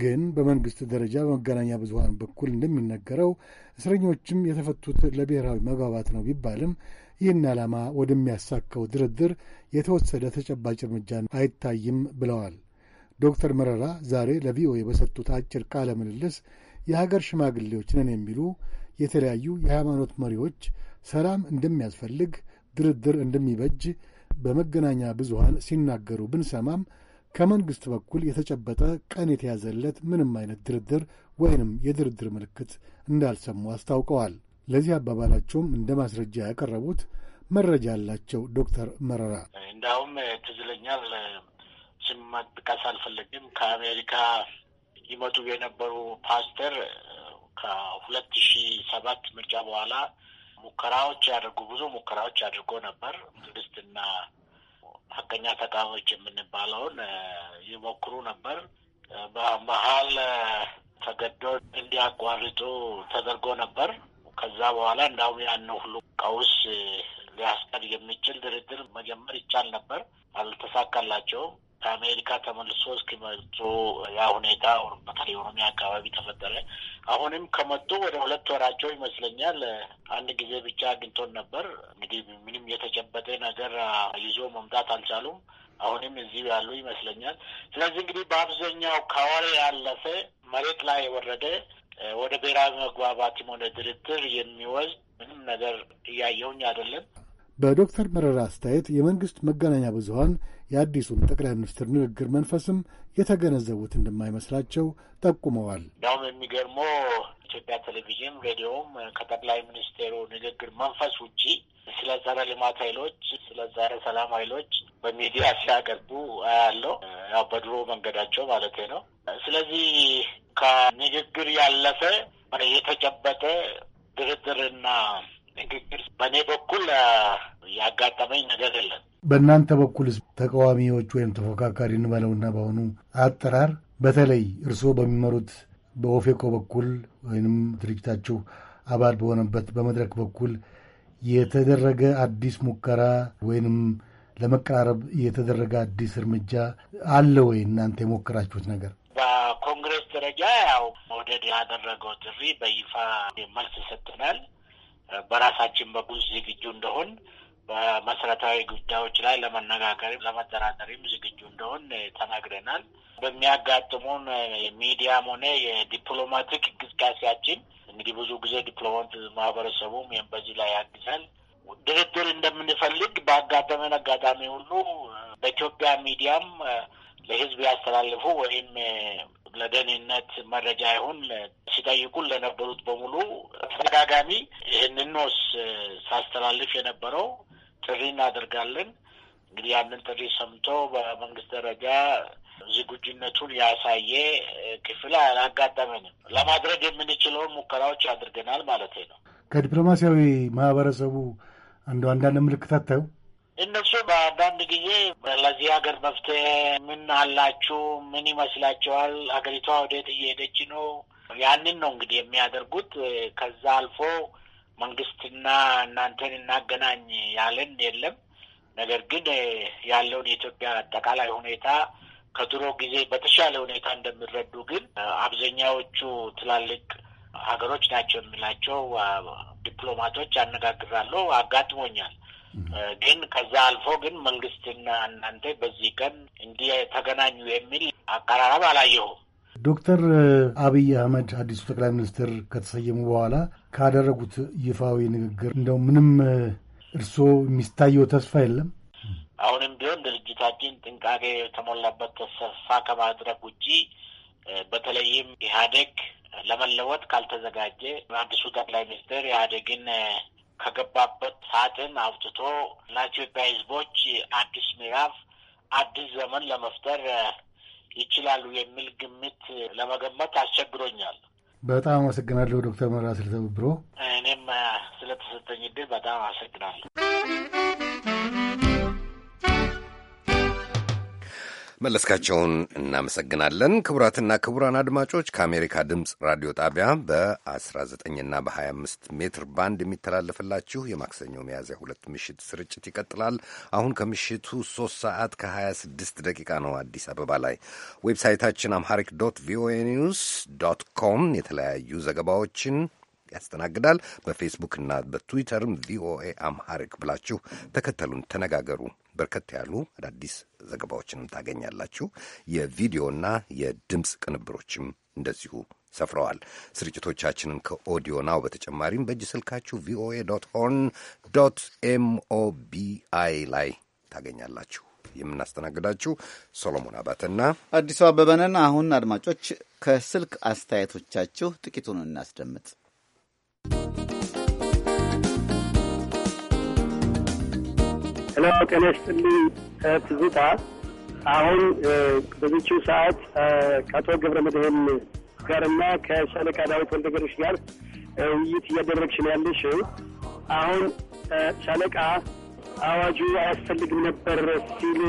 ግን በመንግሥት ደረጃ በመገናኛ ብዙሃን በኩል እንደሚነገረው እስረኞችም የተፈቱት ለብሔራዊ መግባባት ነው ቢባልም ይህን ዓላማ ወደሚያሳካው ድርድር የተወሰደ ተጨባጭ እርምጃ አይታይም ብለዋል። ዶክተር መረራ ዛሬ ለቪኦኤ በሰጡት አጭር ቃለ ምልልስ የሀገር ሽማግሌዎች ነን የሚሉ የተለያዩ የሃይማኖት መሪዎች ሰላም እንደሚያስፈልግ፣ ድርድር እንደሚበጅ በመገናኛ ብዙሃን ሲናገሩ ብንሰማም ከመንግሥት በኩል የተጨበጠ ቀን የተያዘለት ምንም አይነት ድርድር ወይንም የድርድር ምልክት እንዳልሰሙ አስታውቀዋል። ለዚህ አባባላቸውም እንደ ማስረጃ ያቀረቡት መረጃ ያላቸው ዶክተር መረራ እንዳውም ትዝ ይለኛል ስም መጥቀስ አልፈለግም ከአሜሪካ ይመጡ የነበሩ ፓስተር ከሁለት ሺ ሰባት ምርጫ በኋላ ሙከራዎች ያደርጉ ብዙ ሙከራዎች አድርጎ ነበር። መንግስትና ሀቀኛ ተቃዋሚዎች የምንባለውን ይሞክሩ ነበር። በመሀል ተገዶ እንዲያቋርጡ ተደርጎ ነበር። ከዛ በኋላ እንዳሁም ያንን ሁሉ ቀውስ ሊያስቀር የሚችል ድርድር መጀመር ይቻል ነበር፣ አልተሳካላቸውም። ከአሜሪካ ተመልሶ እስኪመጡ ያ ሁኔታ በተለይ ኦሮሚያ አካባቢ ተፈጠረ። አሁንም ከመጡ ወደ ሁለት ወራቸው ይመስለኛል። አንድ ጊዜ ብቻ አግኝቶን ነበር። እንግዲህ ምንም የተጨበጠ ነገር ይዞ መምጣት አልቻሉም። አሁንም እዚህ ያሉ ይመስለኛል። ስለዚህ እንግዲህ በአብዛኛው ከወሬ ያለፈ መሬት ላይ የወረደ ወደ ብሔራዊ መግባባትም ሆነ ድርድር የሚወስድ ምንም ነገር እያየውኝ አይደለም። በዶክተር መረራ አስተያየት የመንግስት መገናኛ ብዙሀን የአዲሱን ጠቅላይ ሚኒስትር ንግግር መንፈስም የተገነዘቡት እንደማይመስላቸው ጠቁመዋል። ያውም የሚገርመው ኢትዮጵያ ቴሌቪዥን ሬዲዮም ከጠቅላይ ሚኒስቴሩ ንግግር መንፈስ ውጪ ስለ ጸረ ልማት ኃይሎች፣ ስለ ጸረ ሰላም ኃይሎች በሚዲያ ሲያቀርቡ አያለው። ያው በድሮ መንገዳቸው ማለት ነው። ስለዚህ ከንግግር ያለፈ የተጨበጠ ድርድርና ንግግር በእኔ በኩል ያጋጠመኝ ነገር የለም። በእናንተ በኩልስ ተቃዋሚዎች ወይም ተፎካካሪ እንበለውና በአሁኑ አጠራር በተለይ እርስዎ በሚመሩት በኦፌኮ በኩል ወይም ድርጅታችሁ አባል በሆነበት በመድረክ በኩል የተደረገ አዲስ ሙከራ ወይንም ለመቀራረብ የተደረገ አዲስ እርምጃ አለ ወይ? እናንተ የሞከራችሁት ነገር? በኮንግረስ ደረጃ ያው መውደድ ያደረገው ጥሪ በይፋ መልስ ሰጥተናል። በራሳችን በኩል ዝግጁ እንደሆን በመሰረታዊ ጉዳዮች ላይ ለመነጋገርም ለመደራደርም ዝግጁ እንደሆን ተናግረናል። በሚያጋጥሙን የሚዲያም ሆነ የዲፕሎማቲክ እንቅስቃሴያችን እንግዲህ ብዙ ጊዜ ዲፕሎማት ማህበረሰቡም ይህም በዚህ ላይ ያግዛል። ድርድር እንደምንፈልግ በአጋጠመን አጋጣሚ ሁሉ በኢትዮጵያ ሚዲያም ለህዝብ ያስተላልፉ ወይም ለደህንነት መረጃ ይሁን ሲጠይቁን ለነበሩት በሙሉ ተደጋጋሚ ይህንኖስ ሳስተላልፍ የነበረው ጥሪ እናደርጋለን። እንግዲህ ያንን ጥሪ ሰምቶ በመንግስት ደረጃ ዝግጁነቱን ያሳየ ክፍል አላጋጠመንም። ለማድረግ የምንችለውን ሙከራዎች አድርገናል ማለት ነው። ከዲፕሎማሲያዊ ማህበረሰቡ አንዱ አንዳንድ ምልክታት ታዩ እነሱ በአንዳንድ ጊዜ ለዚህ ሀገር መፍትሄ ምን አላችሁ? ምን ይመስላችኋል? ሀገሪቷ ወዴት እየሄደች ነው? ያንን ነው እንግዲህ የሚያደርጉት። ከዛ አልፎ መንግስትና እናንተን እናገናኝ ያለን የለም። ነገር ግን ያለውን የኢትዮጵያ አጠቃላይ ሁኔታ ከድሮ ጊዜ በተሻለ ሁኔታ እንደሚረዱ ግን አብዛኛዎቹ ትላልቅ ሀገሮች ናቸው የሚላቸው ዲፕሎማቶች አነጋግራለሁ፣ አጋጥሞኛል። ግን ከዛ አልፎ ግን መንግስትና እናንተ በዚህ ቀን እንዲህ ተገናኙ የሚል አቀራረብ አላየሁም። ዶክተር አብይ አህመድ አዲሱ ጠቅላይ ሚኒስትር ከተሰየሙ በኋላ ካደረጉት ይፋዊ ንግግር እንደው ምንም እርስዎ የሚታየው ተስፋ የለም? አሁንም ቢሆን ድርጅታችን ጥንቃቄ የተሞላበት ተስፋ ከማድረግ ውጪ በተለይም ኢህአዴግ ለመለወጥ ካልተዘጋጀ አዲሱ ጠቅላይ ሚኒስትር ኢህአዴግን ከገባበት ሳጥን አውጥቶ ለኢትዮጵያ ሕዝቦች አዲስ ምዕራፍ አዲስ ዘመን ለመፍጠር ይችላሉ የሚል ግምት ለመገመት አስቸግሮኛል። በጣም አመሰግናለሁ ዶክተር መራ ስለተብብሮ። እኔም ስለተሰጠኝ እድል በጣም አመሰግናለሁ። መለስካቸውን እናመሰግናለን። ክቡራትና ክቡራን አድማጮች ከአሜሪካ ድምፅ ራዲዮ ጣቢያ በ19ና በ25 ሜትር ባንድ የሚተላለፍላችሁ የማክሰኞ ሚያዝያ ሁለት ምሽት ስርጭት ይቀጥላል። አሁን ከምሽቱ 3 ሰዓት ከ26 ደቂቃ ነው አዲስ አበባ ላይ። ዌብሳይታችን አምሃሪክ ዶት ቪኦኤ ኒውስ ዶት ኮም የተለያዩ ዘገባዎችን ያስተናግዳል። በፌስቡክና በትዊተርም ቪኦኤ አምሃሪክ ብላችሁ ተከተሉን፣ ተነጋገሩ። በርከት ያሉ አዳዲስ ዘገባዎችንም ታገኛላችሁ። የቪዲዮና የድምፅ ቅንብሮችም እንደዚሁ ሰፍረዋል። ስርጭቶቻችንን ከኦዲዮ ናው በተጨማሪም በእጅ ስልካችሁ ቪኦኤ ዶት ሆርን ዶት ኤምኦቢአይ ላይ ታገኛላችሁ። የምናስተናግዳችሁ ሶሎሞን አባተና አዲሱ አበበንን። አሁን አድማጮች ከስልክ አስተያየቶቻችሁ ጥቂቱን እናስደምጥ። ሄሎ ጤና ይስጥልኝ። ትዝታ አሁን በዚችው ሰዓት ከአቶ ገብረ መድህን ጋርና ከሻለቃ ዳዊት ወልደገሮች ጋር ውይይት እያደረግሽ ነው ያለሽ። አሁን ሻለቃ አዋጁ አያስፈልግም ነበር ሲል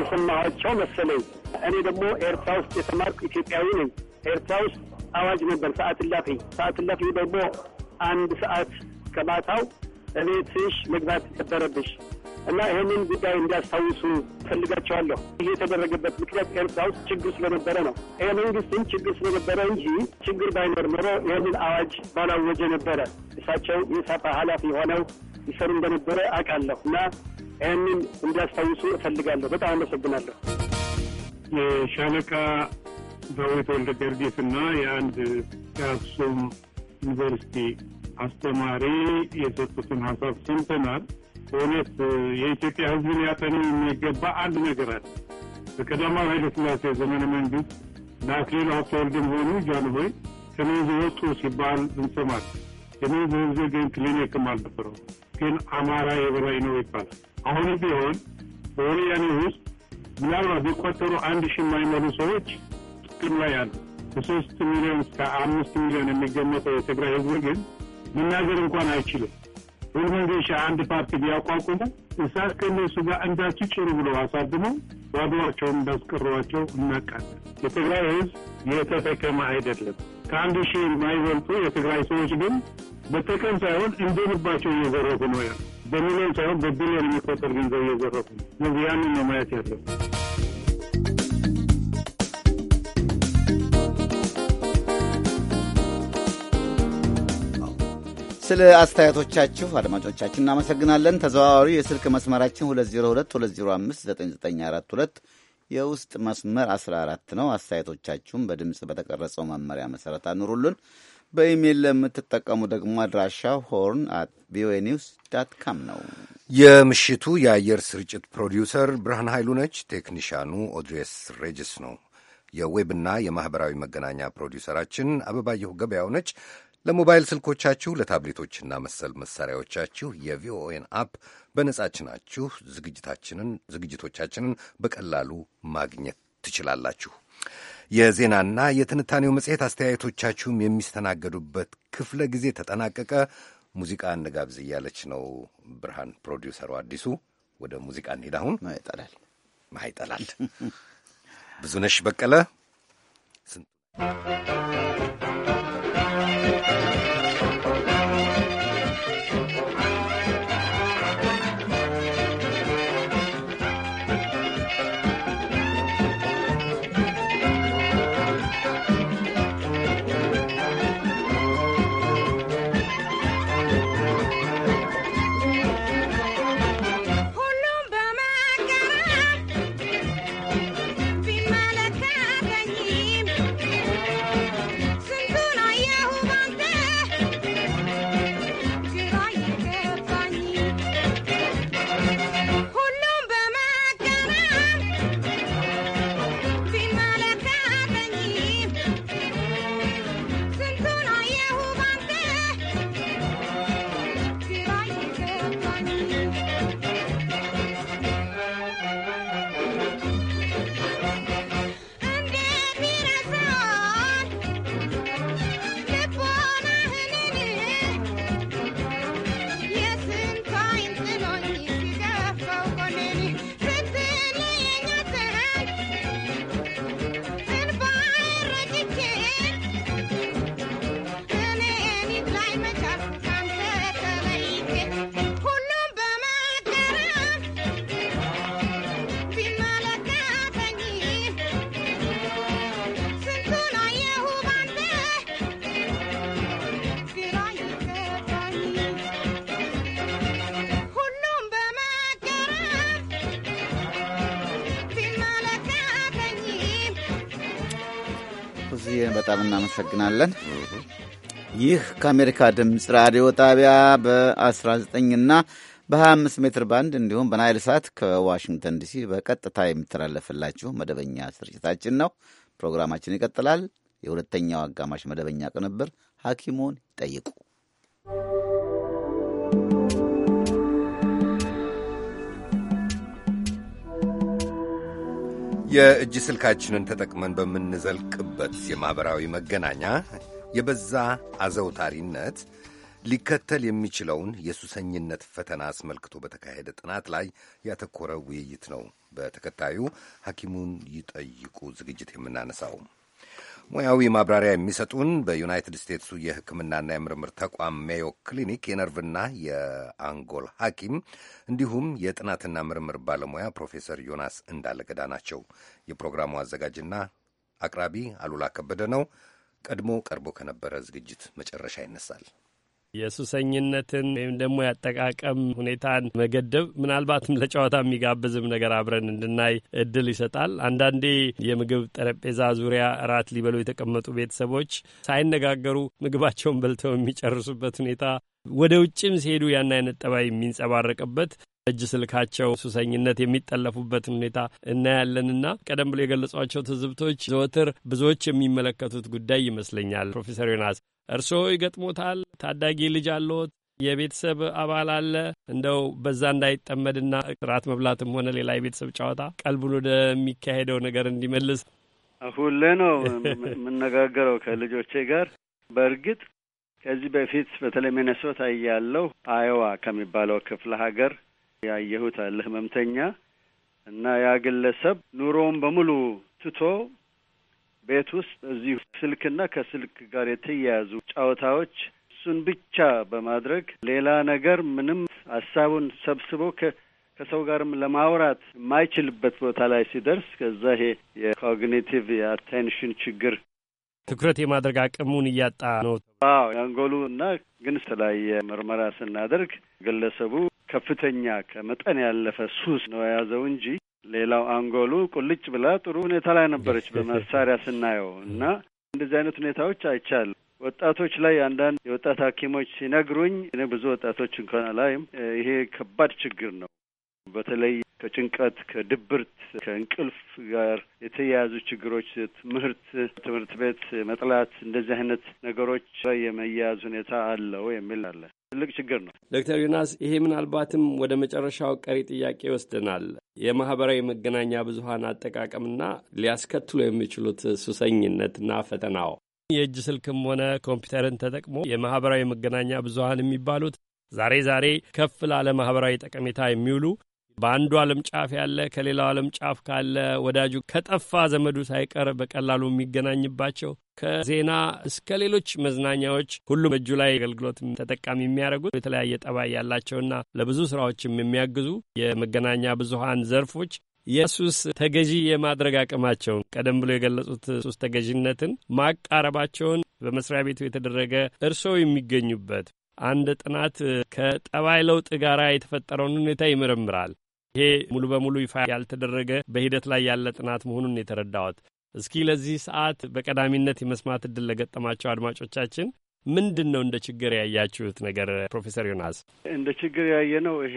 የሰማኋቸው መሰለኝ። እኔ ደግሞ ኤርትራ ውስጥ የተማርኩ ኢትዮጵያዊ ነኝ። ኤርትራ ውስጥ አዋጅ ነበር ሰዓት እላፊ። ሰዓት እላፊ ደግሞ አንድ ሰዓት ከማታው እቤትሽ መግባት ነበረብሽ እና ይህንን ጉዳይ እንዲያስታውሱ ፈልጋቸዋለሁ። ይህ የተደረገበት ምክንያት ኤርትራ ውስጥ ችግር ስለነበረ ነው። ይህ መንግስትም ችግር ስለነበረ እንጂ ችግር ባይኖር ኖሮ ይህንን አዋጅ ባላወጀ ነበረ። እሳቸው የሳፋ ኃላፊ ሆነው ይሰሩ እንደነበረ አውቃለሁ እና ይህንን እንዲያስታውሱ እፈልጋለሁ። በጣም አመሰግናለሁ። የሻለቃ ዳዊት ወልደ ጊዮርጊስ እና የአንድ የአክሱም ዩኒቨርሲቲ አስተማሪ የሰጡትን ሀሳብ ሰምተናል። በእውነት የኢትዮጵያ ሕዝብን ያጠኑ የሚገባ አንድ ነገር አለ። በቀዳማዊ ኃይለሥላሴ ዘመነ መንግስት ለአክሊሉ ሀብተ ሆኑ ጃንሆይ ከመንዝ ወጡ ሲባል እንሰማል። የመንዝ ሕዝብ ግን ክሊኒክም አልነበረው፣ ግን አማራ የበላይ ነው ይባላል። አሁንም ቢሆን በወያኔ ውስጥ ምናልባት ቢቆጠሩ አንድ ሺህ የማይሞሉ ሰዎች ጥቅም ላይ አሉ። ከሶስት ሚሊዮን እስከ አምስት ሚሊዮን የሚገመተው የትግራይ ህዝብ ግን መናገር እንኳን አይችልም። ሁልመንገሻ አንድ ፓርቲ ቢያቋቁሙ እሳት ከነሱ ጋር እንዳትጭሩ ብሎ አሳድመው ባዶዋቸውን እንዳስቀረዋቸው እናቃለን። የትግራይ ህዝብ የተጠቀመ አይደለም። ከአንድ ሺህ የማይበልጡ የትግራይ ሰዎች ግን በጠቀም ሳይሆን እንደልባቸው እየዘረፉ ነው። ያ በሚሊዮን ሳይሆን በቢሊዮን የሚቆጠር ገንዘብ እየዘረፉ ነው። ያንን ነው ማየት ያለው። ስለ አስተያየቶቻችሁ አድማጮቻችን እናመሰግናለን። ተዘዋዋሪ የስልክ መስመራችን 2022059942 የውስጥ መስመር 14 ነው። አስተያየቶቻችሁም በድምፅ በተቀረጸው መመሪያ መሰረት አኑሩልን። በኢሜይል ለምትጠቀሙ ደግሞ አድራሻ ሆርን አት ቪኦኤ ኒውስ ዳት ካም ነው። የምሽቱ የአየር ስርጭት ፕሮዲውሰር ብርሃን ኃይሉ ነች። ቴክኒሻኑ ኦድሬስ ሬጅስ ነው። የዌብና የማኅበራዊ መገናኛ ፕሮዲውሰራችን አበባየሁ ገበያው ነች። ለሞባይል ስልኮቻችሁ ለታብሌቶችና መሰል መሳሪያዎቻችሁ የቪኦኤን አፕ በነጻችናችሁ ዝግጅታችንን ዝግጅቶቻችንን በቀላሉ ማግኘት ትችላላችሁ። የዜናና የትንታኔው መጽሔት አስተያየቶቻችሁም የሚስተናገዱበት ክፍለ ጊዜ ተጠናቀቀ። ሙዚቃ እንጋብዝ እያለች ነው ብርሃን ፕሮዲውሰሩ አዲሱ። ወደ ሙዚቃ እንሄድ። አሁን ማይጠላል ማይጠላል ብዙነሽ በቀለ እናመሰግናለን። ይህ ከአሜሪካ ድምፅ ራዲዮ ጣቢያ በ19 እና በ25 ሜትር ባንድ እንዲሁም በናይል ሳት ከዋሽንግተን ዲሲ በቀጥታ የሚተላለፍላችሁ መደበኛ ስርጭታችን ነው። ፕሮግራማችን ይቀጥላል። የሁለተኛው አጋማሽ መደበኛ ቅንብር ሐኪሙን ይጠይቁ የእጅ ስልካችንን ተጠቅመን በምንዘልቅበት የማኅበራዊ መገናኛ የበዛ አዘውታሪነት ሊከተል የሚችለውን የሱሰኝነት ፈተና አስመልክቶ በተካሄደ ጥናት ላይ ያተኮረ ውይይት ነው። በተከታዩ ሐኪሙን ይጠይቁ ዝግጅት የምናነሳው ሙያዊ ማብራሪያ የሚሰጡን በዩናይትድ ስቴትሱ የሕክምናና የምርምር ተቋም ሜዮ ክሊኒክ የነርቭና የአንጎል ሐኪም እንዲሁም የጥናትና ምርምር ባለሙያ ፕሮፌሰር ዮናስ እንዳለገዳ ናቸው። የፕሮግራሙ አዘጋጅና አቅራቢ አሉላ ከበደ ነው። ቀድሞ ቀርቦ ከነበረ ዝግጅት መጨረሻ ይነሳል። የሱሰኝነትን ወይም ደግሞ ያጠቃቀም ሁኔታን መገደብ ምናልባትም ለጨዋታ የሚጋብዝም ነገር አብረን እንድናይ እድል ይሰጣል። አንዳንዴ የምግብ ጠረጴዛ ዙሪያ እራት ሊበሉ የተቀመጡ ቤተሰቦች ሳይነጋገሩ ምግባቸውን በልተው የሚጨርሱበት ሁኔታ ወደ ውጭም ሲሄዱ ያን አይነት ጠባይ የሚንጸባረቅበት እጅ ስልካቸው ሱሰኝነት የሚጠለፉበትን ሁኔታ እናያለንና ቀደም ብሎ የገለጿቸው ትዝብቶች ዘወትር ብዙዎች የሚመለከቱት ጉዳይ ይመስለኛል። ፕሮፌሰር ዮናስ እርስዎ ይገጥሞታል? ታዳጊ ልጅ አለዎት? የቤተሰብ አባል አለ። እንደው በዛ እንዳይጠመድና ራት መብላትም ሆነ ሌላ የቤተሰብ ጨዋታ ቀልቡን ወደሚካሄደው ነገር እንዲመልስ ሁሌ ነው የምነጋገረው ከልጆቼ ጋር። በእርግጥ ከዚህ በፊት በተለይ ሚነሶታ እያለሁ አዮዋ ከሚባለው ክፍለ ሀገር ያየሁት አለ ህመምተኛ እና ያ ግለሰብ ኑሮውን በሙሉ ትቶ ቤት ውስጥ እዚሁ ስልክና ከስልክ ጋር የተያያዙ ጨዋታዎች እሱን ብቻ በማድረግ ሌላ ነገር ምንም ሀሳቡን ሰብስቦ ከሰው ጋርም ለማውራት የማይችልበት ቦታ ላይ ሲደርስ ከዛ ይሄ የኮግኒቲቭ የአቴንሽን ችግር ትኩረት የማድረግ አቅሙን እያጣ ነው። አዎ ያንጎሉ እና ግን የተለያየ ምርመራ ስናደርግ ግለሰቡ ከፍተኛ ከመጠን ያለፈ ሱስ ነው የያዘው እንጂ ሌላው አንጎሉ ቁልጭ ብላ ጥሩ ሁኔታ ላይ ነበረች በመሳሪያ ስናየው እና እንደዚህ አይነት ሁኔታዎች አይቻሉ። ወጣቶች ላይ አንዳንድ የወጣት ሐኪሞች ሲነግሩኝ እኔ ብዙ ወጣቶች እንኳን ላይም ይሄ ከባድ ችግር ነው። በተለይ ከጭንቀት፣ ከድብርት፣ ከእንቅልፍ ጋር የተያያዙ ችግሮች ትምህርት፣ ትምህርት ቤት መጥላት፣ እንደዚህ አይነት ነገሮች ላይ የመያያዝ ሁኔታ አለው የሚል አለ። ትልቅ ችግር ነው። ዶክተር ዮናስ ይሄ ምናልባትም ወደ መጨረሻው ቀሪ ጥያቄ ይወስደናል። የማህበራዊ መገናኛ ብዙሀን አጠቃቀምና ሊያስከትሉ የሚችሉት ሱሰኝነትና ፈተናው የእጅ ስልክም ሆነ ኮምፒውተርን ተጠቅሞ የማህበራዊ መገናኛ ብዙሀን የሚባሉት ዛሬ ዛሬ ከፍ ላለ ማህበራዊ ጠቀሜታ የሚውሉ በአንዱ ዓለም ጫፍ ያለ ከሌላው ዓለም ጫፍ ካለ ወዳጁ ከጠፋ ዘመዱ ሳይቀር በቀላሉ የሚገናኝባቸው ከዜና እስከ ሌሎች መዝናኛዎች ሁሉ በእጁ ላይ አገልግሎት ተጠቃሚ የሚያደርጉት የተለያየ ጠባይ ያላቸውና ለብዙ ስራዎችም የሚያግዙ የመገናኛ ብዙሀን ዘርፎች የሱስ ተገዢ የማድረግ አቅማቸውን ቀደም ብሎ የገለጹት ሱስ ተገዥነትን ማቃረባቸውን በመስሪያ ቤቱ የተደረገ እርስዎ የሚገኙበት አንድ ጥናት ከጠባይ ለውጥ ጋር የተፈጠረውን ሁኔታ ይመረምራል። ይሄ ሙሉ በሙሉ ይፋ ያልተደረገ በሂደት ላይ ያለ ጥናት መሆኑን የተረዳሁት። እስኪ ለዚህ ሰዓት በቀዳሚነት የመስማት እድል ለገጠማቸው አድማጮቻችን ምንድን ነው እንደ ችግር ያያችሁት ነገር? ፕሮፌሰር ዮናስ እንደ ችግር ያየ ነው ይሄ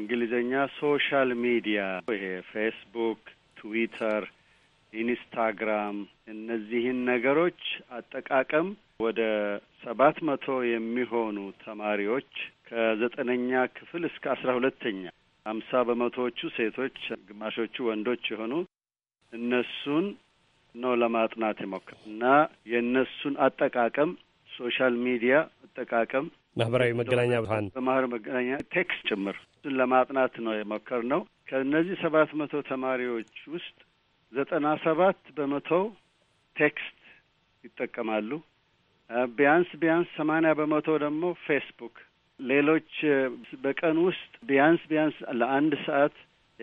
እንግሊዝኛ ሶሻል ሚዲያ ይሄ ፌስቡክ፣ ትዊተር፣ ኢንስታግራም እነዚህን ነገሮች አጠቃቀም ወደ ሰባት መቶ የሚሆኑ ተማሪዎች ከዘጠነኛ ክፍል እስከ አስራ ሁለተኛ አምሳ በመቶዎቹ ሴቶች፣ ግማሾቹ ወንዶች የሆኑ እነሱን ነው ለማጥናት የሞከረ እና የእነሱን አጠቃቀም ሶሻል ሚዲያ አጠቃቀም ማህበራዊ መገናኛ ብዙኃን በማህበራዊ መገናኛ ቴክስት ጭምር እሱን ለማጥናት ነው የሞከር ነው። ከእነዚህ ሰባት መቶ ተማሪዎች ውስጥ ዘጠና ሰባት በመቶ ቴክስት ይጠቀማሉ። ቢያንስ ቢያንስ ሰማንያ በመቶ ደግሞ ፌስቡክ ሌሎች በቀን ውስጥ ቢያንስ ቢያንስ ለአንድ ሰዓት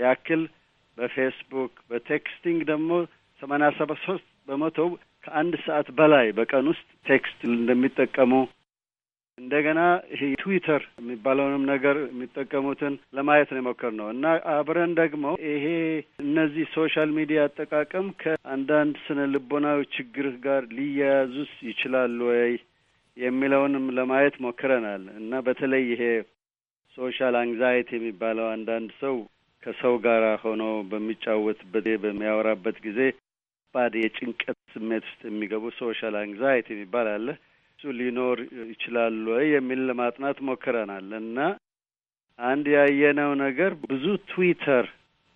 ያክል በፌስቡክ በቴክስቲንግ ደግሞ ሰማንያ ሰባ ሶስት በመቶ ከአንድ ሰዓት በላይ በቀን ውስጥ ቴክስት እንደሚጠቀሙ እንደገና ይሄ ትዊተር የሚባለውንም ነገር የሚጠቀሙትን ለማየት ነው ነው እና አብረን ደግሞ ይሄ እነዚህ ሶሻል ሚዲያ አጠቃቀም ከአንዳንድ ስነ ልቦናዊ ችግር ጋር ሊያያዙስ ይችላሉ ወይ የሚለውንም ለማየት ሞክረናል እና በተለይ ይሄ ሶሻል አንግዛይቲ የሚባለው አንዳንድ ሰው ከሰው ጋር ሆኖ በሚጫወትበት በሚያወራበት ጊዜ ባድ የጭንቀት ስሜት ውስጥ የሚገቡ ሶሻል አንግዛይቲ የሚባል አለ። እሱ ሊኖር ይችላሉ ወይ የሚል ለማጥናት ሞክረናል እና አንድ ያየነው ነገር ብዙ ትዊተር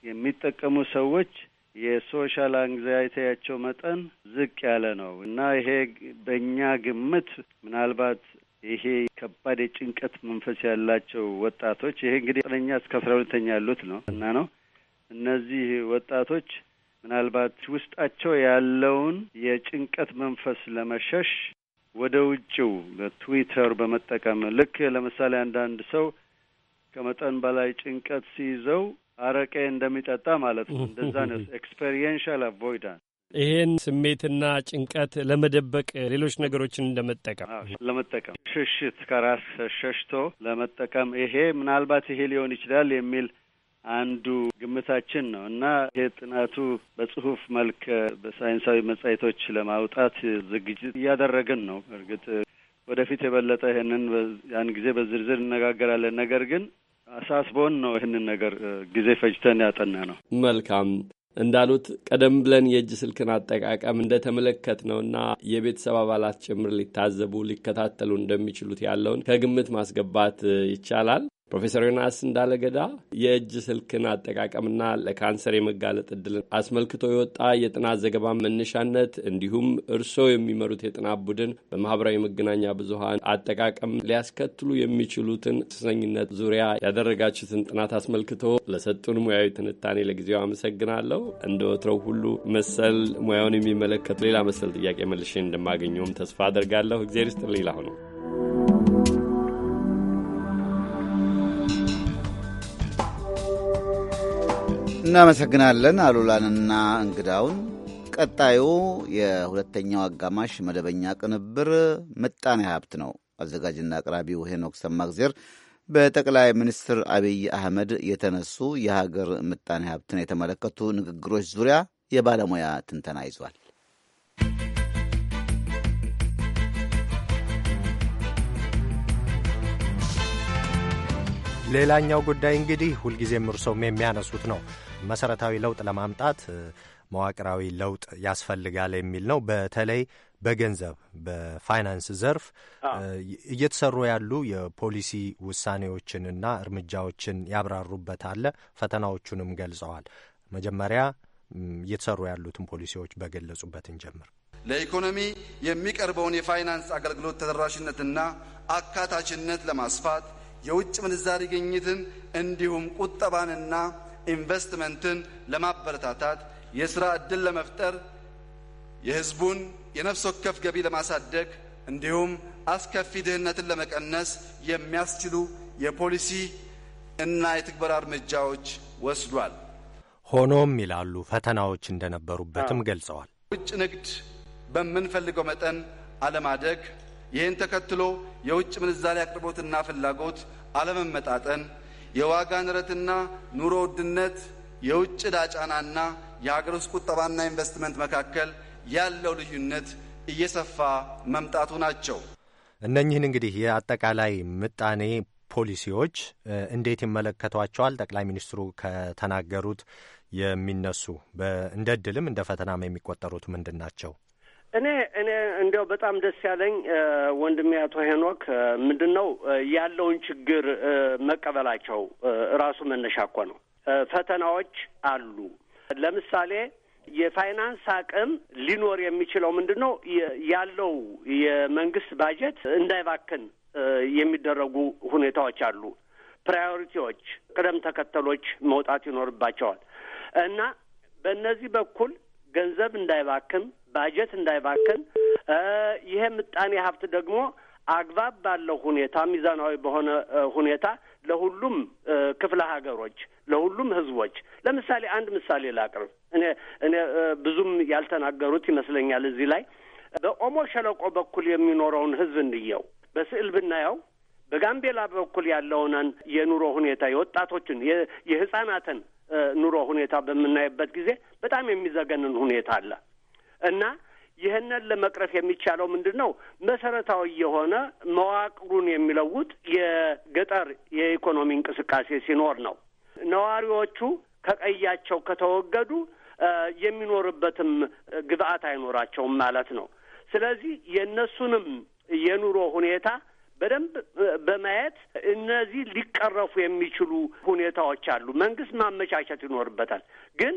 የሚጠቀሙ ሰዎች የሶሻል አንግዛይቲያቸው መጠን ዝቅ ያለ ነው እና ይሄ በእኛ ግምት ምናልባት ይሄ ከባድ የጭንቀት መንፈስ ያላቸው ወጣቶች ይሄ እንግዲህ ዘጠነኛ እስከ አስራ ሁለተኛ ያሉት ነው እና ነው እነዚህ ወጣቶች ምናልባት ውስጣቸው ያለውን የጭንቀት መንፈስ ለመሸሽ ወደ ውጭው በትዊተር በመጠቀም ልክ ለምሳሌ አንዳንድ ሰው ከመጠን በላይ ጭንቀት ሲይዘው አረቄ እንደሚጠጣ ማለት ነው። እንደዛ ነው ኤክስፔሪየንሻል አቮይዳንስ። ይሄን ስሜትና ጭንቀት ለመደበቅ ሌሎች ነገሮችን እንደመጠቀም ለመጠቀም ሽሽት ከራስ ሸሽቶ ለመጠቀም ይሄ ምናልባት ይሄ ሊሆን ይችላል የሚል አንዱ ግምታችን ነው እና ይሄ ጥናቱ በጽሁፍ መልክ በሳይንሳዊ መጻይቶች ለማውጣት ዝግጅት እያደረግን ነው። እርግጥ ወደፊት የበለጠ ይህንን ያን ጊዜ በዝርዝር እነጋገራለን። ነገር ግን አሳስቦን ነው ይህንን ነገር ጊዜ ፈጅተን ያጠና ነው። መልካም እንዳሉት ቀደም ብለን የእጅ ስልክን አጠቃቀም እንደተመለከት ነውና የቤተሰብ አባላት ጭምር ሊታዘቡ ሊከታተሉ እንደሚችሉት ያለውን ከግምት ማስገባት ይቻላል። ፕሮፌሰር ዮናስ እንዳለገዳ የእጅ ስልክን አጠቃቀምና ለካንሰር የመጋለጥ እድልን አስመልክቶ የወጣ የጥናት ዘገባ መነሻነት እንዲሁም እርስዎ የሚመሩት የጥናት ቡድን በማህበራዊ መገናኛ ብዙሀን አጠቃቀም ሊያስከትሉ የሚችሉትን ስሰኝነት ዙሪያ ያደረጋችሁትን ጥናት አስመልክቶ ለሰጡን ሙያዊ ትንታኔ ለጊዜው አመሰግናለሁ። እንደ ወትረው ሁሉ መሰል ሙያውን የሚመለከቱ ሌላ መሰል ጥያቄ መልሼ እንደማገኘውም ተስፋ አደርጋለሁ። እግዜር ይስጥልኝ። ሌላ እናመሰግናለን አሉላንና እንግዳውን። ቀጣዩ የሁለተኛው አጋማሽ መደበኛ ቅንብር ምጣኔ ሀብት ነው። አዘጋጅና አቅራቢው ሄኖክ ሰማግዜር በጠቅላይ ሚኒስትር አብይ አህመድ የተነሱ የሀገር ምጣኔ ሀብትን የተመለከቱ ንግግሮች ዙሪያ የባለሙያ ትንተና ይዟል። ሌላኛው ጉዳይ እንግዲህ ሁልጊዜም እርሶም የሚያነሱት ነው መሰረታዊ ለውጥ ለማምጣት መዋቅራዊ ለውጥ ያስፈልጋል የሚል ነው። በተለይ በገንዘብ በፋይናንስ ዘርፍ እየተሰሩ ያሉ የፖሊሲ ውሳኔዎችንና እርምጃዎችን ያብራሩበት አለ። ፈተናዎቹንም ገልጸዋል። መጀመሪያ እየተሰሩ ያሉትን ፖሊሲዎች በገለጹበት እንጀምር። ለኢኮኖሚ የሚቀርበውን የፋይናንስ አገልግሎት ተደራሽነትና አካታችነት ለማስፋት የውጭ ምንዛሪ ግኝትን እንዲሁም ቁጠባንና ኢንቨስትመንትን ለማበረታታት የስራ ዕድል ለመፍጠር የህዝቡን የነፍስ ወከፍ ገቢ ለማሳደግ እንዲሁም አስከፊ ድህነትን ለመቀነስ የሚያስችሉ የፖሊሲ እና የትግበራ እርምጃዎች ወስዷል። ሆኖም ይላሉ ፈተናዎች እንደነበሩበትም ገልጸዋል። ውጭ ንግድ በምንፈልገው መጠን አለማደግ፣ ይህን ተከትሎ የውጭ ምንዛሪ አቅርቦትና ፍላጎት አለመመጣጠን የዋጋ ንረትና ኑሮ ውድነት፣ የውጭ ዕዳ ጫናና የሀገር ውስጥ ቁጠባና ኢንቨስትመንት መካከል ያለው ልዩነት እየሰፋ መምጣቱ ናቸው። እነኚህን እንግዲህ የአጠቃላይ ምጣኔ ፖሊሲዎች እንዴት ይመለከቷቸዋል? ጠቅላይ ሚኒስትሩ ከተናገሩት የሚነሱ እንደ ድልም እንደ ፈተናም የሚቆጠሩት ምንድን ናቸው? እኔ እኔ እንዲያው በጣም ደስ ያለኝ ወንድሜ አቶ ሄኖክ ምንድን ነው ያለውን ችግር መቀበላቸው ራሱ መነሻ እኮ ነው። ፈተናዎች አሉ። ለምሳሌ የፋይናንስ አቅም ሊኖር የሚችለው ምንድን ነው ያለው የመንግስት ባጀት እንዳይባክን የሚደረጉ ሁኔታዎች አሉ። ፕራዮሪቲዎች፣ ቅደም ተከተሎች መውጣት ይኖርባቸዋል እና በእነዚህ በኩል ገንዘብ እንዳይባክን ባጀት እንዳይባክን ይሄ ምጣኔ ሀብት ደግሞ አግባብ ባለው ሁኔታ ሚዛናዊ በሆነ ሁኔታ ለሁሉም ክፍለ ሀገሮች ለሁሉም ህዝቦች ለምሳሌ አንድ ምሳሌ ላቅርብ። እኔ እኔ ብዙም ያልተናገሩት ይመስለኛል እዚህ ላይ በኦሞ ሸለቆ በኩል የሚኖረውን ህዝብ እንየው በስዕል ብናየው በጋምቤላ በኩል ያለውን የኑሮ ሁኔታ የወጣቶችን የህጻናትን ኑሮ ሁኔታ በምናይበት ጊዜ በጣም የሚዘገንን ሁኔታ አለ። እና ይህንን ለመቅረፍ የሚቻለው ምንድን ነው? መሰረታዊ የሆነ መዋቅሩን የሚለውጥ የገጠር የኢኮኖሚ እንቅስቃሴ ሲኖር ነው። ነዋሪዎቹ ከቀያቸው ከተወገዱ የሚኖርበትም ግብአት አይኖራቸውም ማለት ነው። ስለዚህ የእነሱንም የኑሮ ሁኔታ በደንብ በማየት እነዚህ ሊቀረፉ የሚችሉ ሁኔታዎች አሉ። መንግስት ማመቻቸት ይኖርበታል። ግን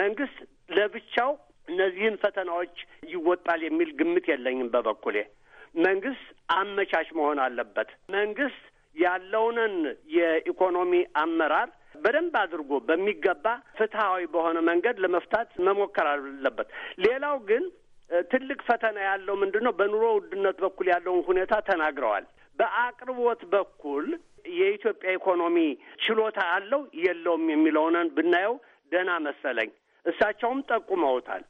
መንግስት ለብቻው እነዚህን ፈተናዎች ይወጣል የሚል ግምት የለኝም በበኩሌ። መንግስት አመቻች መሆን አለበት። መንግስት ያለውንን የኢኮኖሚ አመራር በደንብ አድርጎ በሚገባ ፍትሐዊ በሆነ መንገድ ለመፍታት መሞከር አለበት። ሌላው ግን ትልቅ ፈተና ያለው ምንድን ነው? በኑሮ ውድነት በኩል ያለውን ሁኔታ ተናግረዋል። በአቅርቦት በኩል የኢትዮጵያ ኢኮኖሚ ችሎታ አለው የለውም የሚለውን ብናየው ደህና መሰለኝ። እሳቸውም ጠቁመውታል።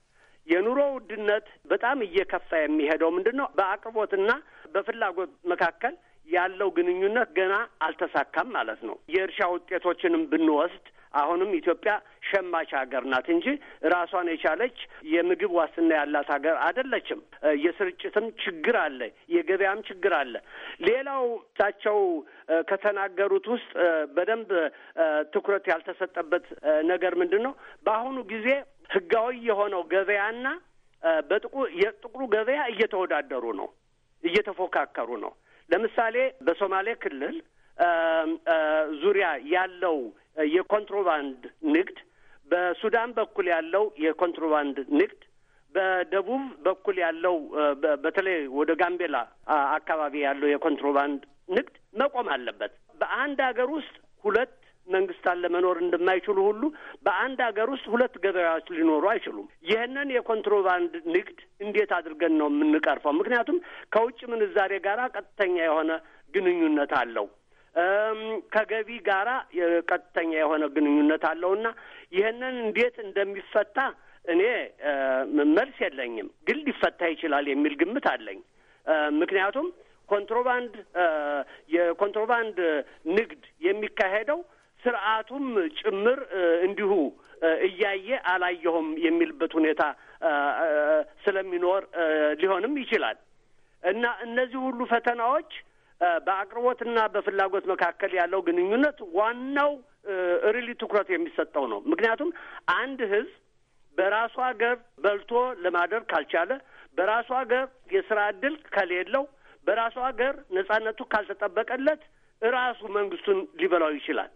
የኑሮ ውድነት በጣም እየከፋ የሚሄደው ምንድን ነው? በአቅርቦትና በፍላጎት መካከል ያለው ግንኙነት ገና አልተሳካም ማለት ነው። የእርሻ ውጤቶችንም ብንወስድ አሁንም ኢትዮጵያ ሸማች ሀገር ናት እንጂ ራሷን የቻለች የምግብ ዋስትና ያላት ሀገር አይደለችም። የስርጭትም ችግር አለ፣ የገበያም ችግር አለ። ሌላው እሳቸው ከተናገሩት ውስጥ በደንብ ትኩረት ያልተሰጠበት ነገር ምንድን ነው? በአሁኑ ጊዜ ህጋዊ የሆነው ገበያና በጥቁ የጥቁሩ ገበያ እየተወዳደሩ ነው፣ እየተፎካከሩ ነው። ለምሳሌ በሶማሌ ክልል ዙሪያ ያለው የኮንትሮባንድ ንግድ፣ በሱዳን በኩል ያለው የኮንትሮባንድ ንግድ፣ በደቡብ በኩል ያለው በተለይ ወደ ጋምቤላ አካባቢ ያለው የኮንትሮባንድ ንግድ መቆም አለበት። በአንድ ሀገር ውስጥ ሁለት መንግስታት ለመኖር እንደማይችሉ ሁሉ በአንድ ሀገር ውስጥ ሁለት ገበያዎች ሊኖሩ አይችሉም። ይህንን የኮንትሮባንድ ንግድ እንዴት አድርገን ነው የምንቀርፈው? ምክንያቱም ከውጭ ምንዛሬ ጋር ቀጥተኛ የሆነ ግንኙነት አለው። ከገቢ ጋራ ቀጥተኛ የሆነ ግንኙነት አለውና ይህንን እንዴት እንደሚፈታ እኔ መልስ የለኝም፣ ግን ሊፈታ ይችላል የሚል ግምት አለኝ። ምክንያቱም ኮንትሮባንድ የኮንትሮባንድ ንግድ የሚካሄደው ስርዓቱም ጭምር እንዲሁ እያየ አላየሁም የሚልበት ሁኔታ ስለሚኖር ሊሆንም ይችላል እና እነዚህ ሁሉ ፈተናዎች በአቅርቦትና በፍላጎት መካከል ያለው ግንኙነት ዋናው ሪሊ ትኩረት የሚሰጠው ነው። ምክንያቱም አንድ ህዝብ በራሱ ሀገር በልቶ ለማደር ካልቻለ፣ በራሱ ሀገር የስራ እድል ከሌለው፣ በራሱ ሀገር ነጻነቱ ካልተጠበቀለት ራሱ መንግስቱን ሊበላው ይችላል።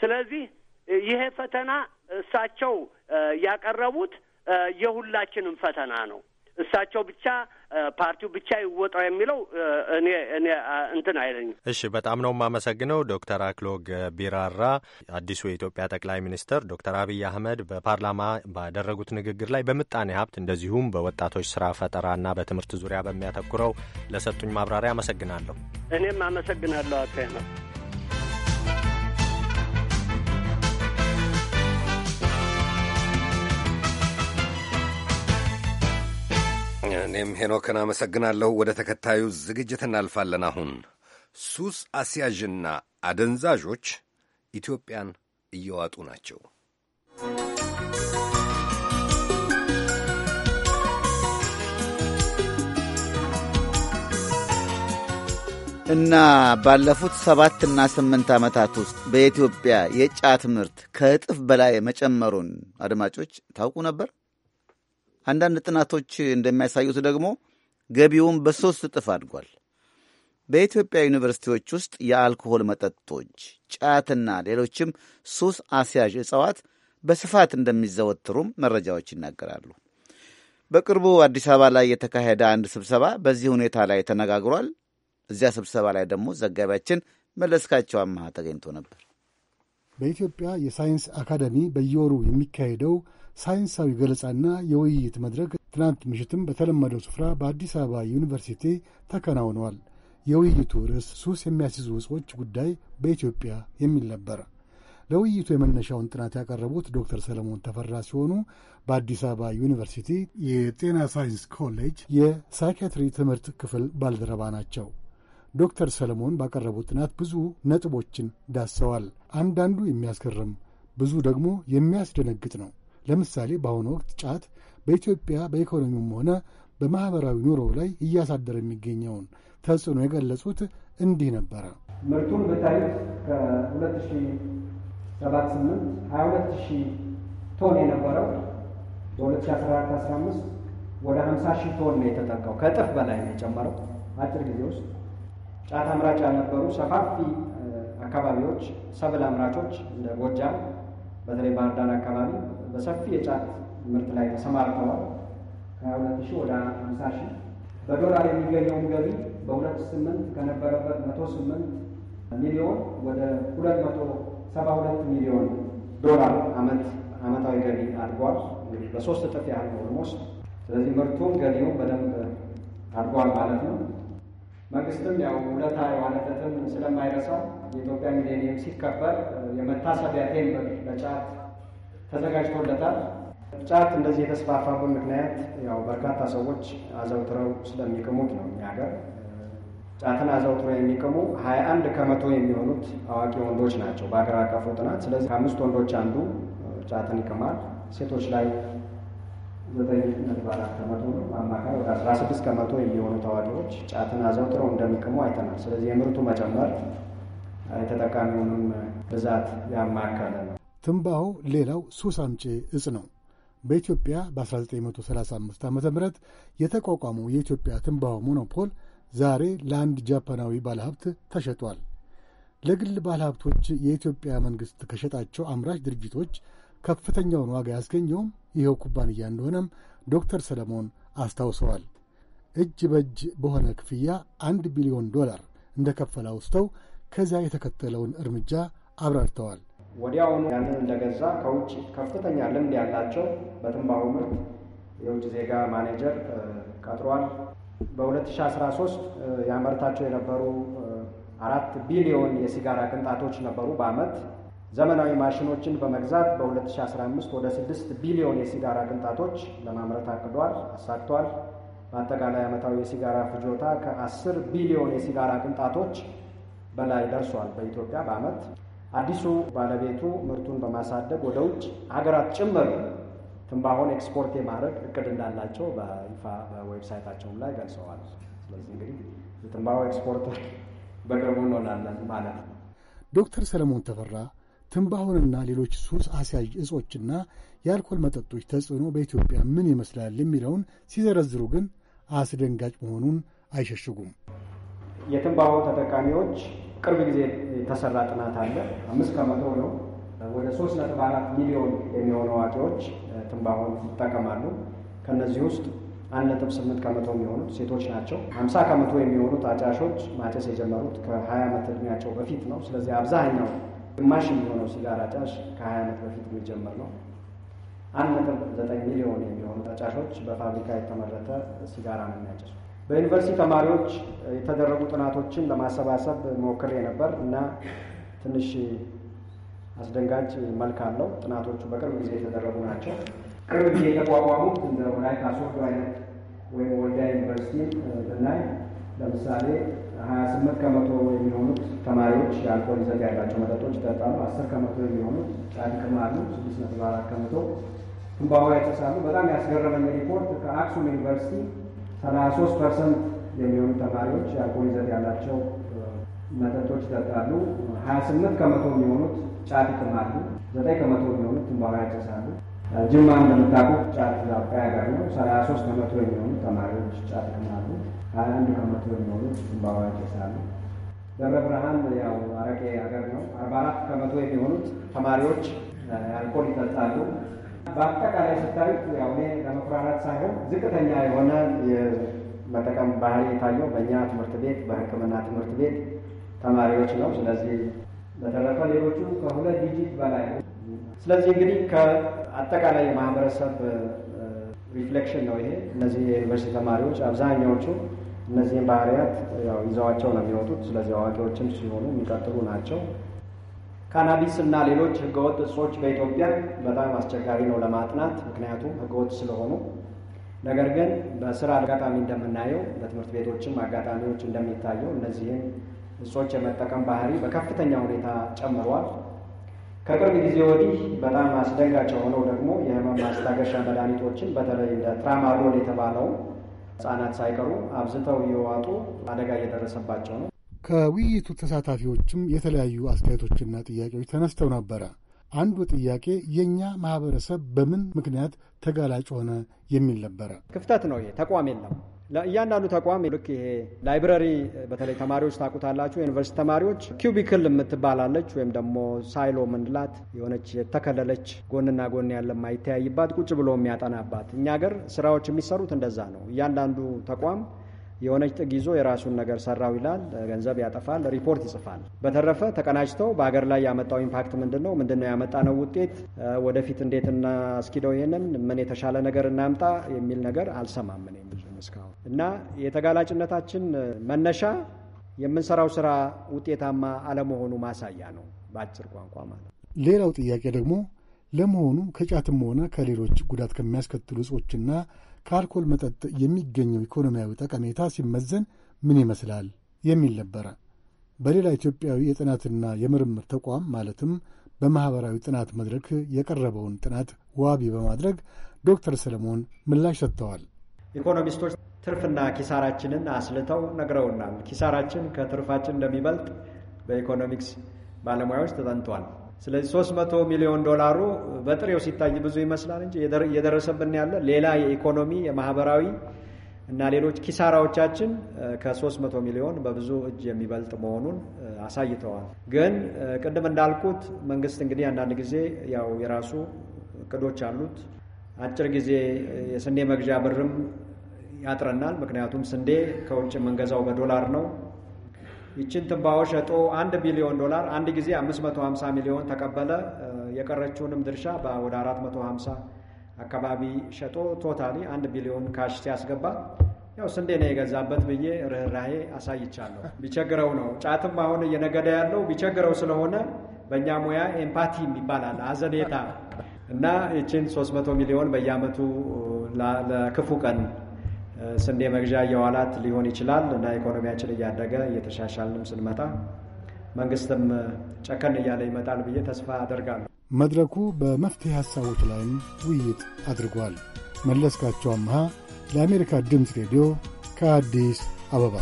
ስለዚህ ይሄ ፈተና እሳቸው ያቀረቡት የሁላችንም ፈተና ነው። እሳቸው ብቻ ፓርቲው ብቻ ይወጣው የሚለው እኔ እኔ እንትን አይለኝም። እሺ፣ በጣም ነው የማመሰግነው ዶክተር አክሎግ ቢራራ። አዲሱ የኢትዮጵያ ጠቅላይ ሚኒስትር ዶክተር አብይ አህመድ በፓርላማ ባደረጉት ንግግር ላይ በምጣኔ ሀብት እንደዚሁም በወጣቶች ስራ ፈጠራና በትምህርት ዙሪያ በሚያተኩረው ለሰጡኝ ማብራሪያ አመሰግናለሁ። እኔም አመሰግናለሁ አካይ ነው። እኔም ሄኖክን አመሰግናለሁ። ወደ ተከታዩ ዝግጅት እናልፋለን። አሁን ሱስ አስያዥና አደንዛዦች ኢትዮጵያን እየዋጡ ናቸው። እና ባለፉት ሰባትና ስምንት ዓመታት ውስጥ በኢትዮጵያ የጫት ምርት ከእጥፍ በላይ መጨመሩን አድማጮች ታውቁ ነበር? አንዳንድ ጥናቶች እንደሚያሳዩት ደግሞ ገቢውን በሦስት እጥፍ አድጓል። በኢትዮጵያ ዩኒቨርሲቲዎች ውስጥ የአልኮሆል መጠጦች፣ ጫትና ሌሎችም ሱስ አስያዥ እጽዋት በስፋት እንደሚዘወትሩም መረጃዎች ይናገራሉ። በቅርቡ አዲስ አበባ ላይ የተካሄደ አንድ ስብሰባ በዚህ ሁኔታ ላይ ተነጋግሯል። እዚያ ስብሰባ ላይ ደግሞ ዘጋቢያችን መለስካቸው አመሃ ተገኝቶ ነበር። በኢትዮጵያ የሳይንስ አካደሚ በየወሩ የሚካሄደው ሳይንሳዊ ገለጻና የውይይት መድረክ ትናንት ምሽትም በተለመደው ስፍራ በአዲስ አበባ ዩኒቨርሲቲ ተከናውነዋል። የውይይቱ ርዕስ ሱስ የሚያስይዙ እጾች ጉዳይ በኢትዮጵያ የሚል ነበር። ለውይይቱ የመነሻውን ጥናት ያቀረቡት ዶክተር ሰለሞን ተፈራ ሲሆኑ በአዲስ አበባ ዩኒቨርሲቲ የጤና ሳይንስ ኮሌጅ የሳይኪያትሪ ትምህርት ክፍል ባልደረባ ናቸው። ዶክተር ሰለሞን ባቀረቡት ጥናት ብዙ ነጥቦችን ዳሰዋል። አንዳንዱ የሚያስገርም፣ ብዙ ደግሞ የሚያስደነግጥ ነው። ለምሳሌ በአሁኑ ወቅት ጫት በኢትዮጵያ በኢኮኖሚውም ሆነ በማኅበራዊ ኑሮ ላይ እያሳደረ የሚገኘውን ተጽዕኖ የገለጹት እንዲህ ነበረ። ምርቱን ብታዩት ከ2078 22 ቶን የነበረው በ2014/15 ወደ 50 ሺህ ቶን ነው የተጠጋው። ከእጥፍ በላይ ነው የጨመረው አጭር ጊዜ ውስጥ። ጫት አምራች ያልነበሩ ሰፋፊ አካባቢዎች ሰብል አምራቾች እንደ ጎጃም፣ በተለይ ባህር ዳር አካባቢ በሰፊ የጫት ምርት ላይ ተሰማርተዋል። ከ22 ሺህ ወደ 50 ሺህ በዶላር የሚገኘውን ገቢ በ28 ከነበረበት 108 ሚሊዮን ወደ 272 ሚሊዮን ዶላር አመት አመታዊ ገቢ አድጓል። እንግዲህ በሶስት እጥፍ ያህል ኦልሞስት። ስለዚህ ምርቱም ገቢውም በደንብ አድጓል ማለት ነው። መንግስትም ያው ውለታ የዋለበትን ስለማይረሳው የኢትዮጵያ ሚሌኒየም ሲከበር የመታሰቢያ ቴምብር በጫት ተዘጋጅቶለታል። ጫት እንደዚህ የተስፋፋበት ምክንያት ያው በርካታ ሰዎች አዘውትረው ስለሚቅሙት ነው። እኛ ሀገር ጫትን አዘውትረው የሚቅሙ ሀያ አንድ ከመቶ የሚሆኑት አዋቂ ወንዶች ናቸው በሀገር አቀፉ ጥናት። ስለዚህ ከአምስት ወንዶች አንዱ ጫትን ይቅማል። ሴቶች ላይ ዘጠኝ ነጥብ አራት ከመቶ ነው። አማካይ ወደ አስራ ስድስት ከመቶ የሚሆኑ ታዋቂዎች ጫትን አዘውትረው እንደሚቅሙ አይተናል። ስለዚህ የምርቱ መጨመር የተጠቃሚውንም ብዛት ያማከለ ትንባሆ ሌላው ሱስ አምጪ እጽ ነው። በኢትዮጵያ በ1935 ዓ ም የተቋቋመው የኢትዮጵያ ትንባሆ ሞኖፖል ዛሬ ለአንድ ጃፓናዊ ባለሀብት ተሸጧል። ለግል ባለሀብቶች የኢትዮጵያ መንግሥት ከሸጣቸው አምራች ድርጅቶች ከፍተኛውን ዋጋ ያስገኘውም ይኸው ኩባንያ እንደሆነም ዶክተር ሰለሞን አስታውሰዋል። እጅ በእጅ በሆነ ክፍያ አንድ ቢሊዮን ዶላር እንደ ከፈላ አውስተው ከዚያ የተከተለውን እርምጃ አብራርተዋል። ወዲያውኑ ያንን እንደገዛ ከውጭ ከፍተኛ ልምድ ያላቸው በትንባሆ ምርት የውጭ ዜጋ ማኔጀር ቀጥሯል። በ2013 ያመርታቸው የነበሩ አራት ቢሊዮን የሲጋራ ቅንጣቶች ነበሩ በዓመት ዘመናዊ ማሽኖችን በመግዛት በ2015 ወደ 6 ቢሊዮን የሲጋራ ቅንጣቶች ለማምረት አቅዷል፣ አሳክቷል። በአጠቃላይ ዓመታዊ የሲጋራ ፍጆታ ከ10 ቢሊዮን የሲጋራ ቅንጣቶች በላይ ደርሷል በኢትዮጵያ በዓመት አዲሱ ባለቤቱ ምርቱን በማሳደግ ወደ ውጭ ሀገራት ጭምር ትንባሆን ኤክስፖርት የማድረግ እቅድ እንዳላቸው በይፋ በዌብሳይታቸውም ላይ ገልጸዋል። ስለዚህ እንግዲህ የትንባሆ ኤክስፖርት በቅርቡ እንሆናለን ማለት ነው። ዶክተር ሰለሞን ተፈራ ትንባሆንና ሌሎች ሱስ አስያዥ እጾችና የአልኮል መጠጦች ተጽዕኖ በኢትዮጵያ ምን ይመስላል የሚለውን ሲዘረዝሩ ግን አስደንጋጭ መሆኑን አይሸሽጉም። የትንባሆ ተጠቃሚዎች ቅርብ ጊዜ የተሰራ ጥናት አለ። አምስት ከመቶ ነው ወደ ሶስት ነጥብ አራት ሚሊዮን የሚሆኑ አዋቂዎች ትንባሆን ይጠቀማሉ። ከእነዚህ ውስጥ አንድ ነጥብ ስምንት ከመቶ የሚሆኑት ሴቶች ናቸው። ሀምሳ ከመቶ የሚሆኑት አጫሾች ማጨስ የጀመሩት ከሀያ ዓመት እድሜያቸው በፊት ነው። ስለዚህ አብዛኛው ግማሽ የሚሆነው ሲጋራ አጫሽ ከሀያ ዓመት በፊት የሚጀምር ነው። አንድ ነጥብ ዘጠኝ ሚሊዮን የሚሆኑት አጫሾች በፋብሪካ የተመረተ ሲጋራ ነው የሚያጨሱት። በዩኒቨርሲቲ ተማሪዎች የተደረጉ ጥናቶችን ለማሰባሰብ ሞክሬ ነበር እና ትንሽ አስደንጋጭ መልክ አለው። ጥናቶቹ በቅርብ ጊዜ የተደረጉ ናቸው። ቅርብ ጊዜ የተቋቋሙት እንደ ወላይታ ሶዶ አይነት ወይም ወልዲያ ዩኒቨርሲቲ ብናይ ለምሳሌ ሀያ ስምንት ከመቶ የሚሆኑት ተማሪዎች የአልኮል ይዘት ያላቸው መጠጦች ይጠጣሉ። አስር ከመቶ የሚሆኑት ጫት ይቅማሉ። ስድስት ነጥብ አራት ከመቶ ትንባሆ የተሳሉ በጣም ያስገረመኝ ሪፖርት ከአክሱም ዩኒቨርሲቲ ሰላሳ ፐርሰንት የሚሆኑ ተማሪዎች የአልኮል ይዘት ያላቸው መጠጦች ይጠጣሉ። ሀያ ስምንት ከመቶ የሚሆኑት ጫት ይቅማሉ። ዘጠኝ ከመቶ የሚሆኑት ትንባባ ያጨሳሉ። ጅማ እንደምታውቁት ጫት ዛቃ ሀገር ነው። ሰላሳ ሶስት ከመቶ የሚሆኑት ተማሪዎች ጫት ይቅማሉ። ሀያ አንድ ከመቶ የሚሆኑት ትንባባ ያጨሳሉ። ደብረ ብርሃን ያው አረቄ ሀገር ነው። አርባ አራት ከመቶ የሚሆኑት ተማሪዎች አልኮል ይጠጣሉ። በአጠቃላይ ስታዩት ያው እኔ ለመኩራራት ሳይሆን ዝቅተኛ የሆነ የመጠቀም ባህሪ የታየው በእኛ ትምህርት ቤት በሕክምና ትምህርት ቤት ተማሪዎች ነው። ስለዚህ በተረፈ ሌሎቹ ከሁለት ዲጂት በላይ ስለዚህ እንግዲህ ከአጠቃላይ የማህበረሰብ ሪፍሌክሽን ነው ይሄ። እነዚህ የዩኒቨርሲቲ ተማሪዎች አብዛኛዎቹ እነዚህን ባህሪያት ያው ይዘዋቸው ነው የሚወጡት። ስለዚህ አዋቂዎችም ሲሆኑ የሚቀጥሉ ናቸው። ካናቢስ እና ሌሎች ህገወጥ እጾች በኢትዮጵያ በጣም አስቸጋሪ ነው ለማጥናት ምክንያቱም ህገወጥ ስለሆኑ። ነገር ግን በስራ አጋጣሚ እንደምናየው በትምህርት ቤቶችም አጋጣሚዎች እንደሚታየው እነዚህም እጾች የመጠቀም ባህሪ በከፍተኛ ሁኔታ ጨምሯል። ከቅርብ ጊዜ ወዲህ በጣም አስደንጋጭ የሆነው ደግሞ የህመም ማስታገሻ መድኃኒቶችን በተለይ እንደ ትራማዶል የተባለው ህጻናት ሳይቀሩ አብዝተው እየዋጡ አደጋ እየደረሰባቸው ነው። ከውይይቱ ተሳታፊዎችም የተለያዩ አስተያየቶችና ጥያቄዎች ተነስተው ነበረ። አንዱ ጥያቄ የእኛ ማህበረሰብ በምን ምክንያት ተጋላጭ ሆነ የሚል ነበረ። ክፍተት ነው ይሄ፣ ተቋም የለም። እያንዳንዱ ተቋም ልክ ይሄ ላይብረሪ በተለይ ተማሪዎች ታውቁታላችሁ። ዩኒቨርሲቲ ተማሪዎች ኪዩቢክል የምትባላለች ወይም ደግሞ ሳይሎ ምንላት የሆነች የተከለለች ጎንና ጎን ያለ የማይተያይባት ቁጭ ብሎ የሚያጠናባት እኛ ሀገር ስራዎች የሚሰሩት እንደዛ ነው። እያንዳንዱ ተቋም የሆነች ጥግ ይዞ የራሱን ነገር ሰራው ይላል፣ ገንዘብ ያጠፋል፣ ሪፖርት ይጽፋል። በተረፈ ተቀናጅተው በሀገር ላይ ያመጣው ኢምፓክት ምንድን ነው? ምንድን ነው ያመጣነው ውጤት? ወደፊት እንዴት እናስኪደው? ይህንን ምን የተሻለ ነገር እናምጣ የሚል ነገር አልሰማም እኔ እስካሁን እና የተጋላጭነታችን መነሻ የምንሰራው ስራ ውጤታማ አለመሆኑ ማሳያ ነው፣ በአጭር ቋንቋ ማለት። ሌላው ጥያቄ ደግሞ ለመሆኑ ከጫትም ሆነ ከሌሎች ጉዳት ከሚያስከትሉ እጾችና ከአልኮል መጠጥ የሚገኘው ኢኮኖሚያዊ ጠቀሜታ ሲመዘን ምን ይመስላል የሚል ነበረ። በሌላ ኢትዮጵያዊ የጥናትና የምርምር ተቋም ማለትም በማኅበራዊ ጥናት መድረክ የቀረበውን ጥናት ዋቢ በማድረግ ዶክተር ሰለሞን ምላሽ ሰጥተዋል። ኢኮኖሚስቶች ትርፍና ኪሳራችንን አስልተው ነግረውናል። ኪሳራችን ከትርፋችን እንደሚበልጥ በኢኮኖሚክስ ባለሙያዎች ተጠንቷል። ስለዚህ 300 ሚሊዮን ዶላሩ በጥሬው ሲታይ ብዙ ይመስላል እንጂ እየደረሰብን ያለ ሌላ የኢኮኖሚ የማህበራዊ እና ሌሎች ኪሳራዎቻችን ከ300 ሚሊዮን በብዙ እጅ የሚበልጥ መሆኑን አሳይተዋል። ግን ቅድም እንዳልኩት መንግስት እንግዲህ አንዳንድ ጊዜ ያው የራሱ እቅዶች አሉት። አጭር ጊዜ የስንዴ መግዣ ብርም ያጥረናል። ምክንያቱም ስንዴ ከውጭ የምንገዛው በዶላር ነው። ይችን ትንባሆ ሸጦ አንድ ቢሊዮን ዶላር አንድ ጊዜ 550 ሚሊዮን ተቀበለ። የቀረችውንም ድርሻ ወደ 450 አካባቢ ሸጦ ቶታሊ አንድ ቢሊዮን ካሽ ሲያስገባ ያው ስንዴ ነው የገዛበት ብዬ ርኅራሄ አሳይቻለሁ። ቢቸግረው ነው ጫትም አሁን እየነገደ ያለው ቢቸግረው ስለሆነ በእኛ ሙያ ኤምፓቲ ይባላል አዘኔታ እና ይችን 300 ሚሊዮን በየአመቱ ለክፉ ቀን ስንዴ መግዣ የዋላት ሊሆን ይችላል እና ኢኮኖሚያችን እያደገ እየተሻሻልንም ስንመጣ መንግስትም ጨከን እያለ ይመጣል ብዬ ተስፋ አደርጋለሁ። መድረኩ በመፍትሄ ሐሳቦች ላይም ውይይት አድርጓል። መለስካቸው አምሃ ለአሜሪካ ድምፅ ሬዲዮ ከአዲስ አበባ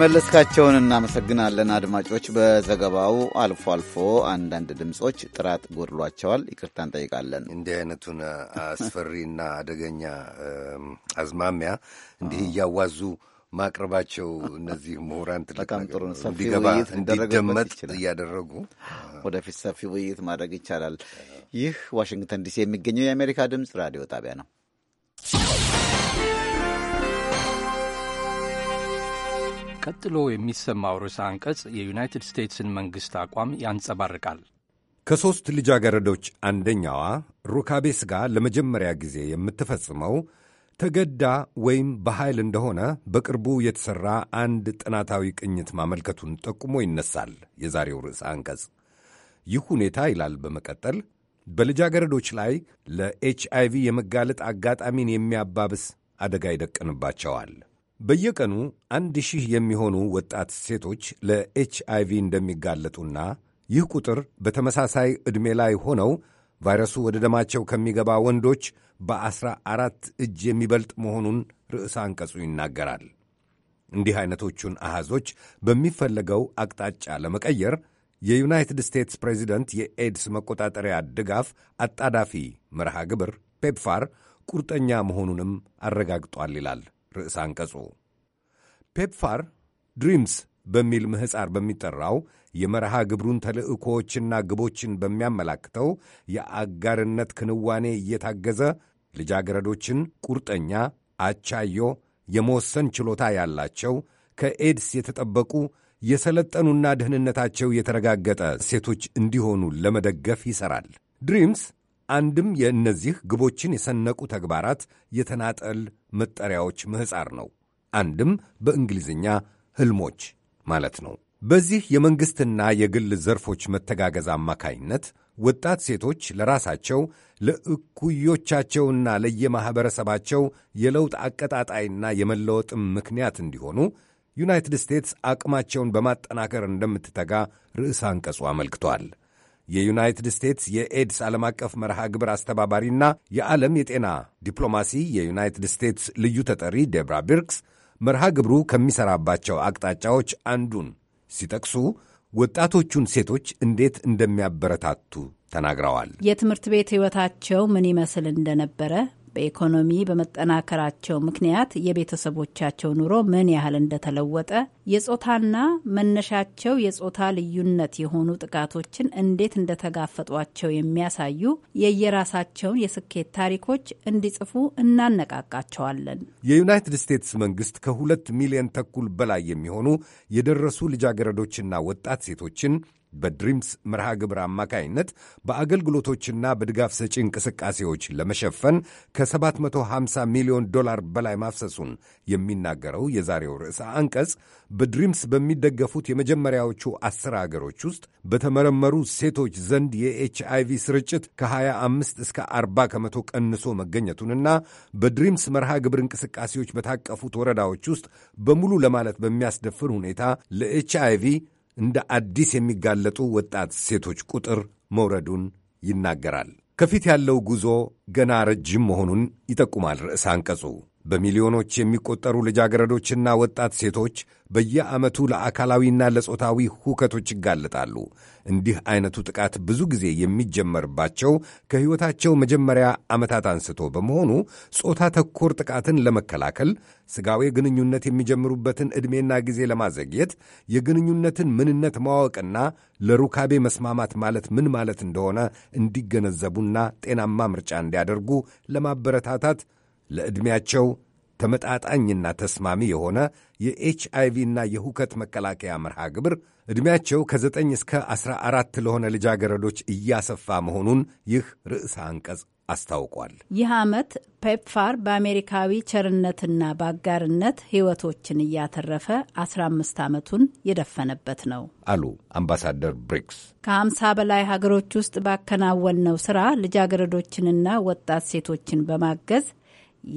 መለስካቸውን እናመሰግናለን። አድማጮች፣ በዘገባው አልፎ አልፎ አንዳንድ ድምፆች ጥራት ጎድሏቸዋል። ይቅርታ እንጠይቃለን። እንዲህ አይነቱን አስፈሪና አደገኛ አዝማሚያ እንዲህ እያዋዙ ማቅረባቸው እነዚህ ምሁራን በጣም ጥሩ እንዲደመጥ እያደረጉ ወደፊት ሰፊ ውይይት ማድረግ ይቻላል። ይህ ዋሽንግተን ዲሲ የሚገኘው የአሜሪካ ድምፅ ራዲዮ ጣቢያ ነው። ቀጥሎ የሚሰማው ርዕሰ አንቀጽ የዩናይትድ ስቴትስን መንግሥት አቋም ያንጸባርቃል። ከሦስት ልጃገረዶች አንደኛዋ ሩካቤ ሥጋ ለመጀመሪያ ጊዜ የምትፈጽመው ተገዳ ወይም በኃይል እንደሆነ በቅርቡ የተሠራ አንድ ጥናታዊ ቅኝት ማመልከቱን ጠቁሞ ይነሳል የዛሬው ርዕሰ አንቀጽ። ይህ ሁኔታ ይላል በመቀጠል በልጃገረዶች ላይ ለኤች ቪ የመጋለጥ አጋጣሚን የሚያባብስ አደጋ ይደቀንባቸዋል። በየቀኑ አንድ ሺህ የሚሆኑ ወጣት ሴቶች ለኤች አይ ቪ እንደሚጋለጡና ይህ ቁጥር በተመሳሳይ ዕድሜ ላይ ሆነው ቫይረሱ ወደ ደማቸው ከሚገባ ወንዶች በዐሥራ አራት እጅ የሚበልጥ መሆኑን ርዕሰ አንቀጹ ይናገራል። እንዲህ ዐይነቶቹን አሃዞች በሚፈለገው አቅጣጫ ለመቀየር የዩናይትድ ስቴትስ ፕሬዚደንት የኤድስ መቆጣጠሪያ ድጋፍ አጣዳፊ መርሃ ግብር ፔፕፋር ቁርጠኛ መሆኑንም አረጋግጧል ይላል ርዕስ አንቀጹ ፔፕፋር ድሪምስ በሚል ምሕፃር በሚጠራው የመርሃ ግብሩን ተልዕኮዎችና ግቦችን በሚያመላክተው የአጋርነት ክንዋኔ እየታገዘ ልጃገረዶችን ቁርጠኛ፣ አቻዮ፣ የመወሰን ችሎታ ያላቸው ከኤድስ የተጠበቁ የሰለጠኑና ደህንነታቸው የተረጋገጠ ሴቶች እንዲሆኑ ለመደገፍ ይሠራል። ድሪምስ አንድም የእነዚህ ግቦችን የሰነቁ ተግባራት የተናጠል መጠሪያዎች ምሕፃር ነው፣ አንድም በእንግሊዝኛ ህልሞች ማለት ነው። በዚህ የመንግሥትና የግል ዘርፎች መተጋገዝ አማካይነት ወጣት ሴቶች ለራሳቸው ለእኩዮቻቸውና ለየማኅበረሰባቸው የለውጥ አቀጣጣይና የመለወጥም ምክንያት እንዲሆኑ ዩናይትድ ስቴትስ አቅማቸውን በማጠናከር እንደምትተጋ ርዕሰ አንቀጹ አመልክቷል። የዩናይትድ ስቴትስ የኤድስ ዓለም አቀፍ መርሃ ግብር አስተባባሪና የዓለም የጤና ዲፕሎማሲ የዩናይትድ ስቴትስ ልዩ ተጠሪ ዴብራ ቢርክስ መርሃ ግብሩ ከሚሠራባቸው አቅጣጫዎች አንዱን ሲጠቅሱ ወጣቶቹን ሴቶች እንዴት እንደሚያበረታቱ ተናግረዋል። የትምህርት ቤት ሕይወታቸው ምን ይመስል እንደነበረ በኢኮኖሚ በመጠናከራቸው ምክንያት የቤተሰቦቻቸው ኑሮ ምን ያህል እንደተለወጠ፣ የጾታና መነሻቸው የጾታ ልዩነት የሆኑ ጥቃቶችን እንዴት እንደተጋፈጧቸው የሚያሳዩ የየራሳቸውን የስኬት ታሪኮች እንዲጽፉ እናነቃቃቸዋለን። የዩናይትድ ስቴትስ መንግስት ከሁለት ሚሊዮን ተኩል በላይ የሚሆኑ የደረሱ ልጃገረዶችና ወጣት ሴቶችን በድሪምስ መርሃ ግብር አማካይነት በአገልግሎቶችና በድጋፍ ሰጪ እንቅስቃሴዎች ለመሸፈን ከ750 ሚሊዮን ዶላር በላይ ማፍሰሱን የሚናገረው የዛሬው ርዕሰ አንቀጽ በድሪምስ በሚደገፉት የመጀመሪያዎቹ አስር አገሮች ውስጥ በተመረመሩ ሴቶች ዘንድ የኤች ቪ ስርጭት ከ25 እስከ 40 ከመቶ ቀንሶ መገኘቱንና በድሪምስ መርሃ ግብር እንቅስቃሴዎች በታቀፉት ወረዳዎች ውስጥ በሙሉ ለማለት በሚያስደፍር ሁኔታ ለኤች እንደ አዲስ የሚጋለጡ ወጣት ሴቶች ቁጥር መውረዱን ይናገራል። ከፊት ያለው ጉዞ ገና ረጅም መሆኑን ይጠቁማል ርዕሰ አንቀጹ። በሚሊዮኖች የሚቆጠሩ ልጃገረዶችና ወጣት ሴቶች በየዓመቱ ለአካላዊና ለጾታዊ ሁከቶች ይጋለጣሉ። እንዲህ አይነቱ ጥቃት ብዙ ጊዜ የሚጀመርባቸው ከሕይወታቸው መጀመሪያ ዓመታት አንስቶ በመሆኑ ጾታ ተኮር ጥቃትን ለመከላከል ሥጋዊ ግንኙነት የሚጀምሩበትን ዕድሜና ጊዜ ለማዘግየት የግንኙነትን ምንነት ማወቅና ለሩካቤ መስማማት ማለት ምን ማለት እንደሆነ እንዲገነዘቡና ጤናማ ምርጫ እንዲያደርጉ ለማበረታታት ለዕድሜያቸው ተመጣጣኝና ተስማሚ የሆነ የኤች አይቪና የሁከት መከላከያ መርሃ ግብር ዕድሜያቸው ከዘጠኝ እስከ ዐሥራ አራት ለሆነ ልጃገረዶች እያሰፋ መሆኑን ይህ ርዕሰ አንቀጽ አስታውቋል። ይህ ዓመት ፔፕፋር በአሜሪካዊ ቸርነትና በአጋርነት ሕይወቶችን እያተረፈ 15 ዓመቱን የደፈነበት ነው አሉ አምባሳደር ብሪክስ። ከ50 በላይ ሀገሮች ውስጥ ባከናወነው ሥራ ልጃገረዶችንና ወጣት ሴቶችን በማገዝ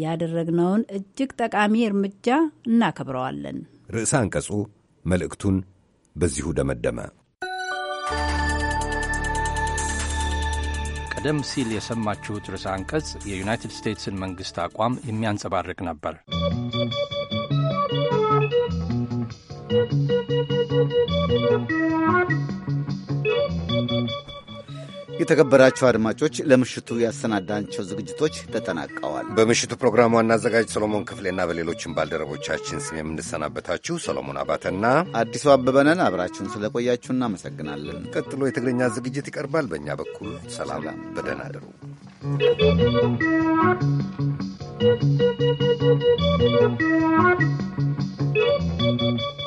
ያደረግነውን እጅግ ጠቃሚ እርምጃ እናከብረዋለን። ርዕሰ አንቀጹ መልእክቱን በዚሁ ደመደመ። ቀደም ሲል የሰማችሁት ርዕሰ አንቀጽ የዩናይትድ ስቴትስን መንግሥት አቋም የሚያንጸባርቅ ነበር። የተከበራቸው አድማጮች ለምሽቱ ያሰናዳናቸው ዝግጅቶች ተጠናቀዋል። በምሽቱ ፕሮግራም ዋና አዘጋጅ ሰሎሞን ክፍሌና በሌሎችም ባልደረቦቻችን ስም የምንሰናበታችሁ ሰሎሞን አባተና አዲሱ አበበነን አብራችሁን ስለቆያችሁ እናመሰግናለን። ቀጥሎ የትግርኛ ዝግጅት ይቀርባል። በእኛ በኩል ሰላም፣ በደህና አደሩ። Thank you.